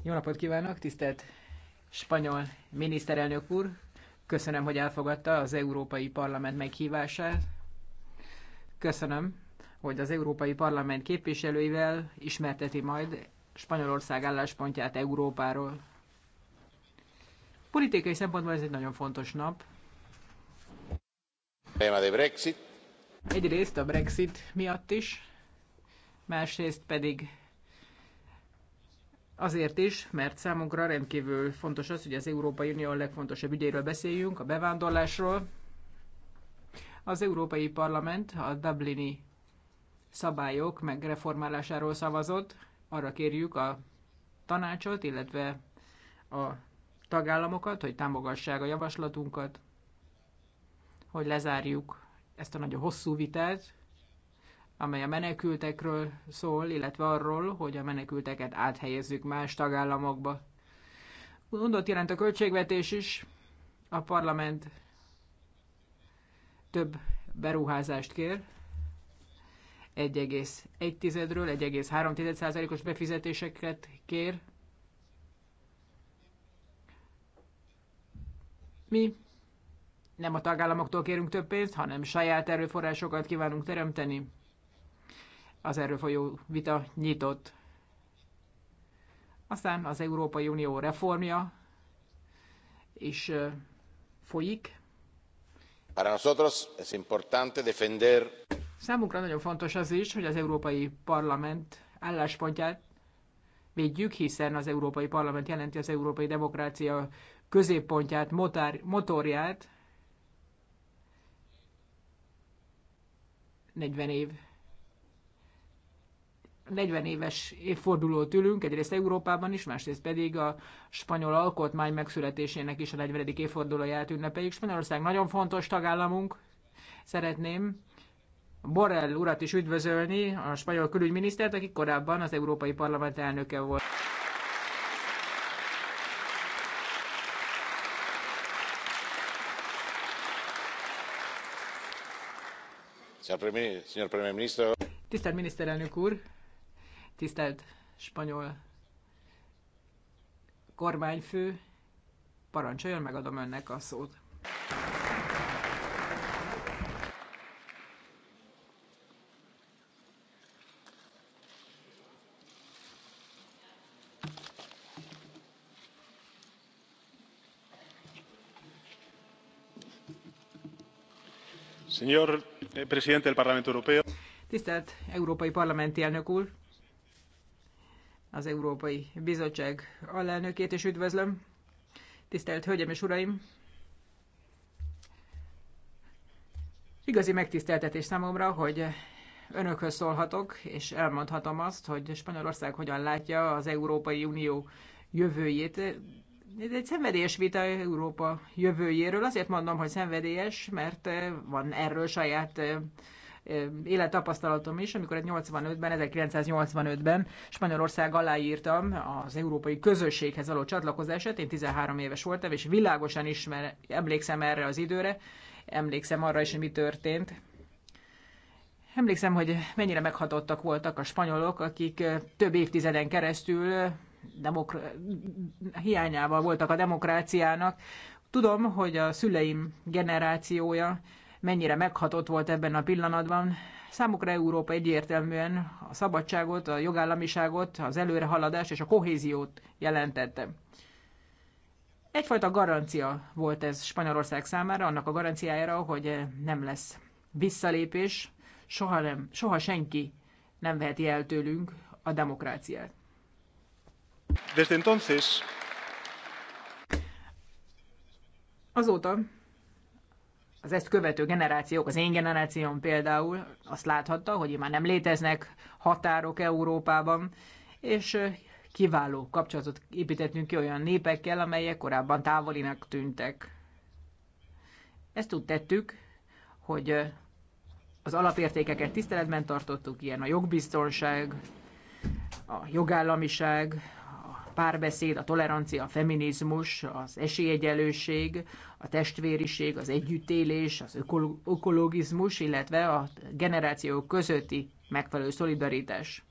Jó napot kívánok, tisztelt spanyol miniszterelnök úr! Köszönöm, hogy elfogadta az Európai Parlament meghívását. Köszönöm, hogy az Európai Parlament képviselőivel ismerteti majd Spanyolország álláspontját Európáról. Politikai szempontból ez egy nagyon fontos nap. Egyrészt a Brexit miatt is, másrészt pedig azért is, mert számunkra rendkívül fontos az, hogy az Európai Unió a legfontosabb ügyéről beszéljünk, a bevándorlásról. Az Európai Parlament a Dublini szabályok megreformálásáról szavazott. Arra kérjük a tanácsot, illetve a tagállamokat, hogy támogassák a javaslatunkat, hogy lezárjuk ezt a nagyon hosszú vitát, amely a menekültekről szól, illetve arról, hogy a menekülteket áthelyezzük más tagállamokba. Gondot jelent a költségvetés is, a parlament több beruházást kér, 1,1-ről 1,3%-os befizetéseket kér. Mi nem a tagállamoktól kérünk több pénzt, hanem saját erőforrásokat kívánunk teremteni az erről folyó vita nyitott. Aztán az Európai Unió reformja is folyik. Para nosotros es importante defender... Számunkra nagyon fontos az is, hogy az Európai Parlament álláspontját védjük, hiszen az Európai Parlament jelenti az európai demokrácia középpontját, motár, motorját. 40 év 40 éves évfordulót ülünk, egyrészt Európában is, másrészt pedig a spanyol alkotmány megszületésének is a 40. évfordulóját ünnepeljük. Spanyolország nagyon fontos tagállamunk. Szeretném Borrell urat is üdvözölni, a spanyol külügyminisztert, aki korábban az Európai Parlament elnöke volt. Tisztelt miniszterelnök úr! Tisztelt spanyol kormányfő, parancsoljon, megadom önnek a szót. Señor presidente del Parlamento Europeo. Tisztelt Európai Parlamenti Elnök úr! az Európai Bizottság alelnökét, és üdvözlöm. Tisztelt Hölgyeim és Uraim! Igazi megtiszteltetés számomra, hogy önökhöz szólhatok, és elmondhatom azt, hogy Spanyolország hogyan látja az Európai Unió jövőjét. Ez egy szenvedélyes vita Európa jövőjéről. Azért mondom, hogy szenvedélyes, mert van erről saját élettapasztalatom is, amikor egy 85-ben, 1985-ben Spanyolország aláírtam az európai közösséghez való csatlakozását, én 13 éves voltam, és világosan ismer, emlékszem erre az időre, emlékszem arra is, hogy mi történt. Emlékszem, hogy mennyire meghatottak voltak a spanyolok, akik eh, több évtizeden keresztül eh, demokra- hiányával voltak a demokráciának. Tudom, hogy a szüleim generációja mennyire meghatott volt ebben a pillanatban. Számukra Európa egyértelműen a szabadságot, a jogállamiságot, az előrehaladást és a kohéziót jelentette. Egyfajta garancia volt ez Spanyolország számára, annak a garanciájára, hogy nem lesz visszalépés, soha, nem, soha senki nem veheti el tőlünk a demokráciát. Desde entonces... Azóta az ezt követő generációk, az én generációm például azt láthatta, hogy már nem léteznek határok Európában, és kiváló kapcsolatot építettünk ki olyan népekkel, amelyek korábban távolinak tűntek. Ezt úgy tettük, hogy az alapértékeket tiszteletben tartottuk, ilyen a jogbiztonság, a jogállamiság, párbeszéd, a tolerancia, a feminizmus, az esélyegyelőség, a testvériség, az együttélés, az ökologizmus, illetve a generációk közötti megfelelő szolidaritás.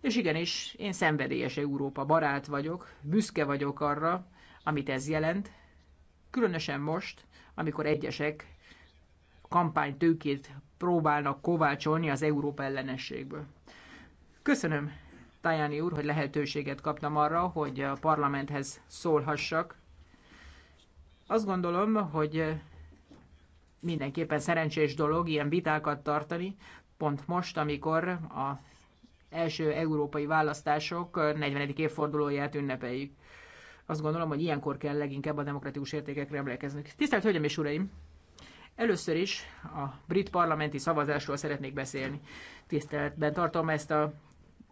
És igenis, én szenvedélyes Európa barát vagyok, büszke vagyok arra, amit ez jelent, különösen most, amikor egyesek kampánytőkét próbálnak kovácsolni az Európa ellenességből. Köszönöm Tajani úr, hogy lehetőséget kaptam arra, hogy a parlamenthez szólhassak. Azt gondolom, hogy mindenképpen szerencsés dolog ilyen vitákat tartani, pont most, amikor a első európai választások 40. évfordulóját ünnepeljük. Azt gondolom, hogy ilyenkor kell leginkább a demokratikus értékekre emlékeznünk. Tisztelt Hölgyeim és Uraim! Először is a brit parlamenti szavazásról szeretnék beszélni. Tiszteletben tartom ezt a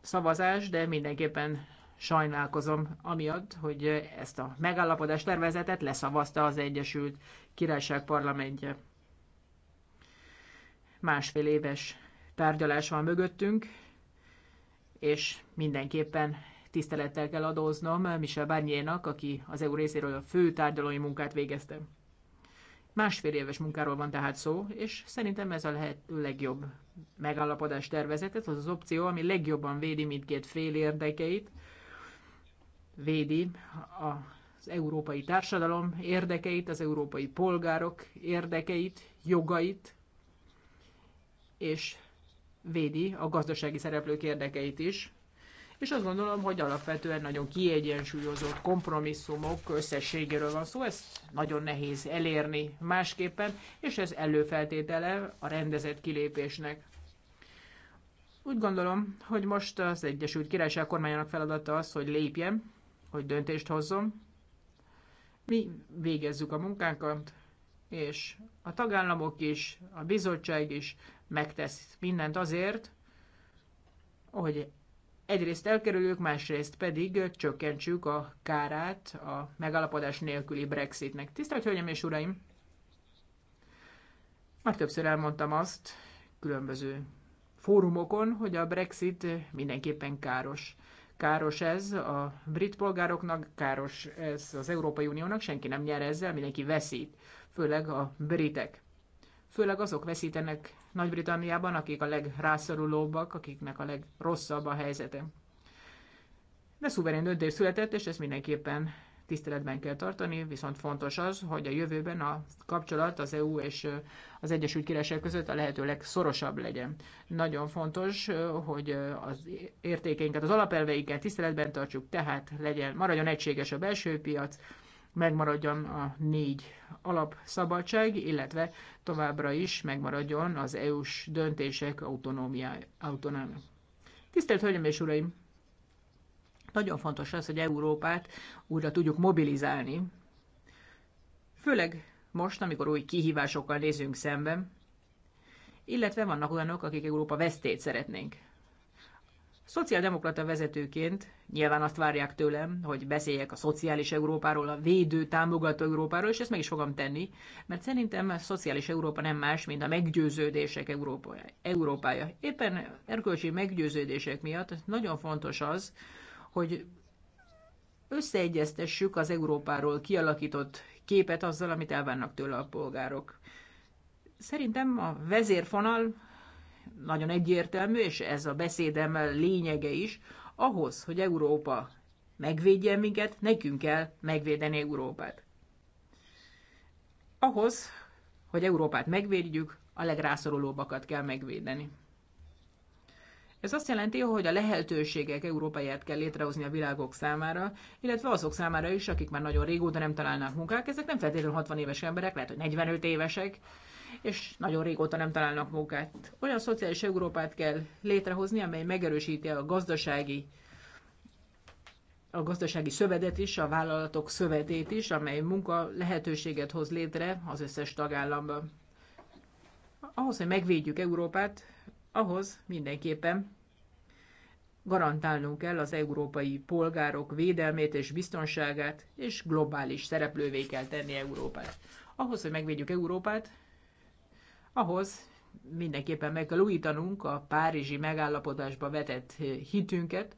szavazás, de mindenképpen sajnálkozom amiatt, hogy ezt a megállapodás tervezetet leszavazta az Egyesült Királyság parlamentje. Másfél éves tárgyalás van mögöttünk, és mindenképpen tisztelettel kell adóznom Michel Barnier-nak, aki az EU részéről a fő tárgyalói munkát végezte. Másfél éves munkáról van tehát szó, és szerintem ez a lehető legjobb megállapodás tervezetet, az az opció, ami legjobban védi mindkét fél érdekeit, védi az európai társadalom érdekeit, az európai polgárok érdekeit, jogait, és védi a gazdasági szereplők érdekeit is és azt gondolom, hogy alapvetően nagyon kiegyensúlyozott kompromisszumok összességéről van szó, ezt nagyon nehéz elérni másképpen, és ez előfeltétele a rendezett kilépésnek. Úgy gondolom, hogy most az Egyesült Királyság kormányának feladata az, hogy lépjem, hogy döntést hozzon. Mi végezzük a munkánkat, és a tagállamok is, a bizottság is megtesz mindent azért, hogy egyrészt elkerüljük, másrészt pedig csökkentsük a kárát a megállapodás nélküli Brexitnek. Tisztelt Hölgyeim és Uraim! Már többször elmondtam azt különböző fórumokon, hogy a Brexit mindenképpen káros. Káros ez a brit polgároknak, káros ez az Európai Uniónak, senki nem nyer ezzel, mindenki veszít, főleg a britek főleg azok veszítenek Nagy-Britanniában, akik a legrászorulóbbak, akiknek a legrosszabb a helyzete. De szuverén döntés született, és ezt mindenképpen tiszteletben kell tartani, viszont fontos az, hogy a jövőben a kapcsolat az EU és az Egyesült Királyság között a lehető legszorosabb legyen. Nagyon fontos, hogy az értékeinket, az alapelveinket tiszteletben tartsuk, tehát legyen, maradjon egységes a belső piac, megmaradjon a négy alapszabadság, illetve továbbra is megmaradjon az EU-s döntések autonómiája. Tisztelt Hölgyeim és Uraim! Nagyon fontos az, hogy Európát újra tudjuk mobilizálni, főleg most, amikor új kihívásokkal nézünk szemben, illetve vannak olyanok, akik Európa vesztét szeretnénk. Szociáldemokrata vezetőként nyilván azt várják tőlem, hogy beszéljek a szociális Európáról, a védő, támogató Európáról, és ezt meg is fogom tenni, mert szerintem a szociális Európa nem más, mint a meggyőződések Európája. Éppen erkölcsi meggyőződések miatt nagyon fontos az, hogy összeegyeztessük az Európáról kialakított képet azzal, amit elvárnak tőle a polgárok. Szerintem a vezérfonal nagyon egyértelmű, és ez a beszédem lényege is, ahhoz, hogy Európa megvédjen minket, nekünk kell megvédeni Európát. Ahhoz, hogy Európát megvédjük, a legrászorulóbbakat kell megvédeni. Ez azt jelenti, hogy a lehetőségek Európáját kell létrehozni a világok számára, illetve azok számára is, akik már nagyon régóta nem találnak munkák. Ezek nem feltétlenül 60 éves emberek, lehet, hogy 45 évesek, és nagyon régóta nem találnak munkát. Olyan szociális Európát kell létrehozni, amely megerősíti a gazdasági a gazdasági szövedet is, a vállalatok szövetét is, amely munka lehetőséget hoz létre az összes tagállamban. Ahhoz, hogy megvédjük Európát, ahhoz mindenképpen garantálnunk kell az európai polgárok védelmét és biztonságát, és globális szereplővé kell tenni Európát. Ahhoz, hogy megvédjük Európát, ahhoz mindenképpen meg kell újítanunk a párizsi megállapodásba vetett hitünket,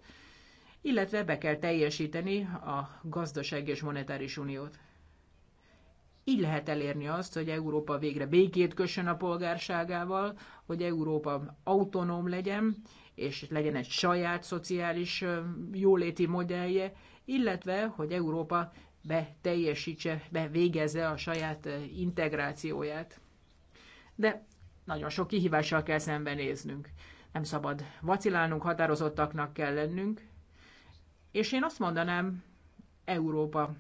illetve be kell teljesíteni a gazdaság és monetáris uniót. Így lehet elérni azt, hogy Európa végre békét kössön a polgárságával, hogy Európa autonóm legyen, és legyen egy saját szociális jóléti modellje, illetve, hogy Európa beteljesítse, bevégezze a saját integrációját de nagyon sok kihívással kell szembenéznünk. Nem szabad vacilálnunk, határozottaknak kell lennünk, és én azt mondanám Európa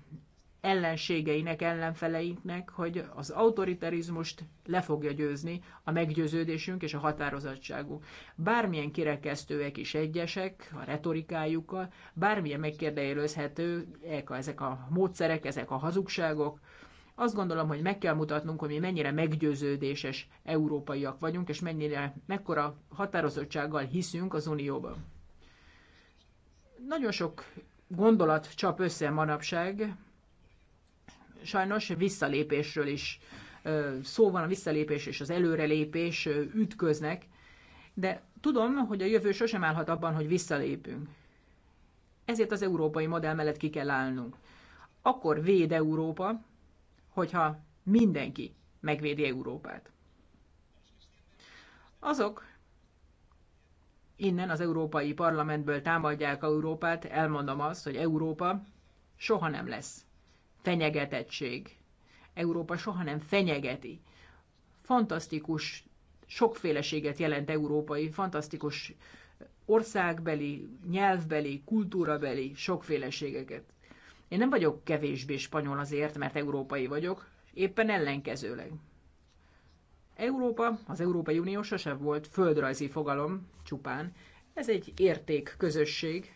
ellenségeinek, ellenfeleinknek, hogy az autoritarizmust le fogja győzni a meggyőződésünk és a határozottságunk. Bármilyen kirekesztőek is egyesek a retorikájukkal, bármilyen megkérdejelőzhetőek ezek a módszerek, ezek a hazugságok, azt gondolom, hogy meg kell mutatnunk, hogy mi mennyire meggyőződéses európaiak vagyunk, és mennyire, mekkora határozottsággal hiszünk az Unióban. Nagyon sok gondolat csap össze manapság, sajnos visszalépésről is szó van, a visszalépés és az előrelépés ütköznek, de tudom, hogy a jövő sosem állhat abban, hogy visszalépünk. Ezért az európai modell mellett ki kell állnunk. Akkor véd Európa, hogyha mindenki megvédi Európát. Azok innen az Európai Parlamentből támadják Európát, elmondom azt, hogy Európa soha nem lesz fenyegetettség. Európa soha nem fenyegeti. Fantasztikus sokféleséget jelent európai, fantasztikus országbeli, nyelvbeli, kultúrabeli sokféleségeket. Én nem vagyok kevésbé spanyol azért, mert európai vagyok, éppen ellenkezőleg. Európa, az Európai Unió sosem volt földrajzi fogalom csupán. Ez egy értékközösség.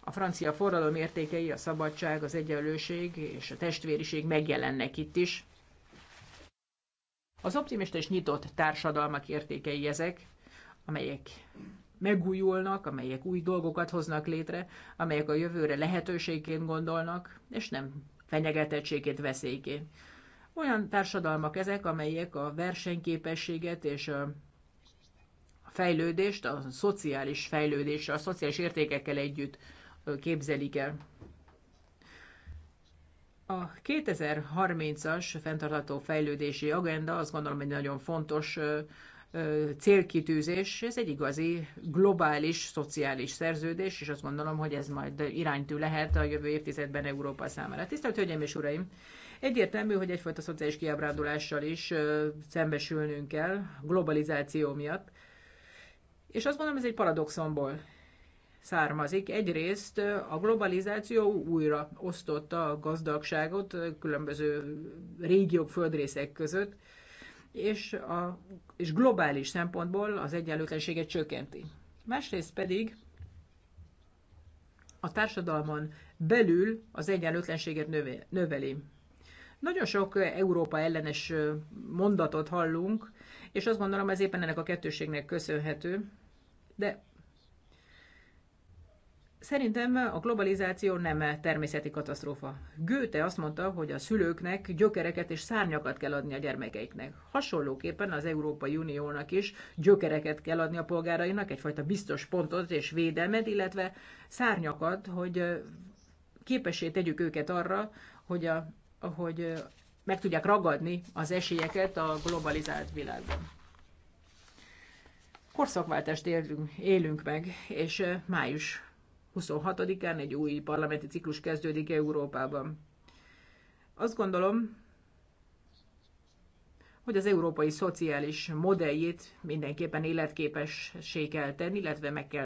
A francia forradalom értékei, a szabadság, az egyenlőség és a testvériség megjelennek itt is. Az optimista és nyitott társadalmak értékei ezek, amelyek megújulnak, amelyek új dolgokat hoznak létre, amelyek a jövőre lehetőségként gondolnak, és nem fenyegetettségét, veszélyként. Olyan társadalmak ezek, amelyek a versenyképességet és a fejlődést, a szociális fejlődésre, a szociális értékekkel együtt képzelik el. A 2030-as fenntartható fejlődési agenda azt gondolom egy nagyon fontos célkitűzés, ez egy igazi globális, szociális szerződés, és azt gondolom, hogy ez majd iránytű lehet a jövő évtizedben Európa számára. Tisztelt Hölgyeim és Uraim! Egyértelmű, hogy egyfajta szociális kiábrándulással is szembesülnünk kell globalizáció miatt, és azt gondolom, ez egy paradoxonból származik. Egyrészt a globalizáció újra osztotta a gazdagságot különböző régiók, földrészek között, és, a, és globális szempontból az egyenlőtlenséget csökkenti. Másrészt pedig a társadalmon belül az egyenlőtlenséget növeli. Nagyon sok Európa ellenes mondatot hallunk, és azt gondolom ez éppen ennek a kettőségnek köszönhető, de Szerintem a globalizáció nem természeti katasztrófa. Goethe azt mondta, hogy a szülőknek gyökereket és szárnyakat kell adni a gyermekeiknek. Hasonlóképpen az Európai Uniónak is gyökereket kell adni a polgárainak, egyfajta biztos pontot és védelmet, illetve szárnyakat, hogy képessé tegyük őket arra, hogy, a, hogy meg tudják ragadni az esélyeket a globalizált világban korszakváltást élünk, élünk meg, és május 26-án egy új parlamenti ciklus kezdődik Európában. Azt gondolom, hogy az európai szociális modelljét mindenképpen életképessé kell tenni, illetve meg kell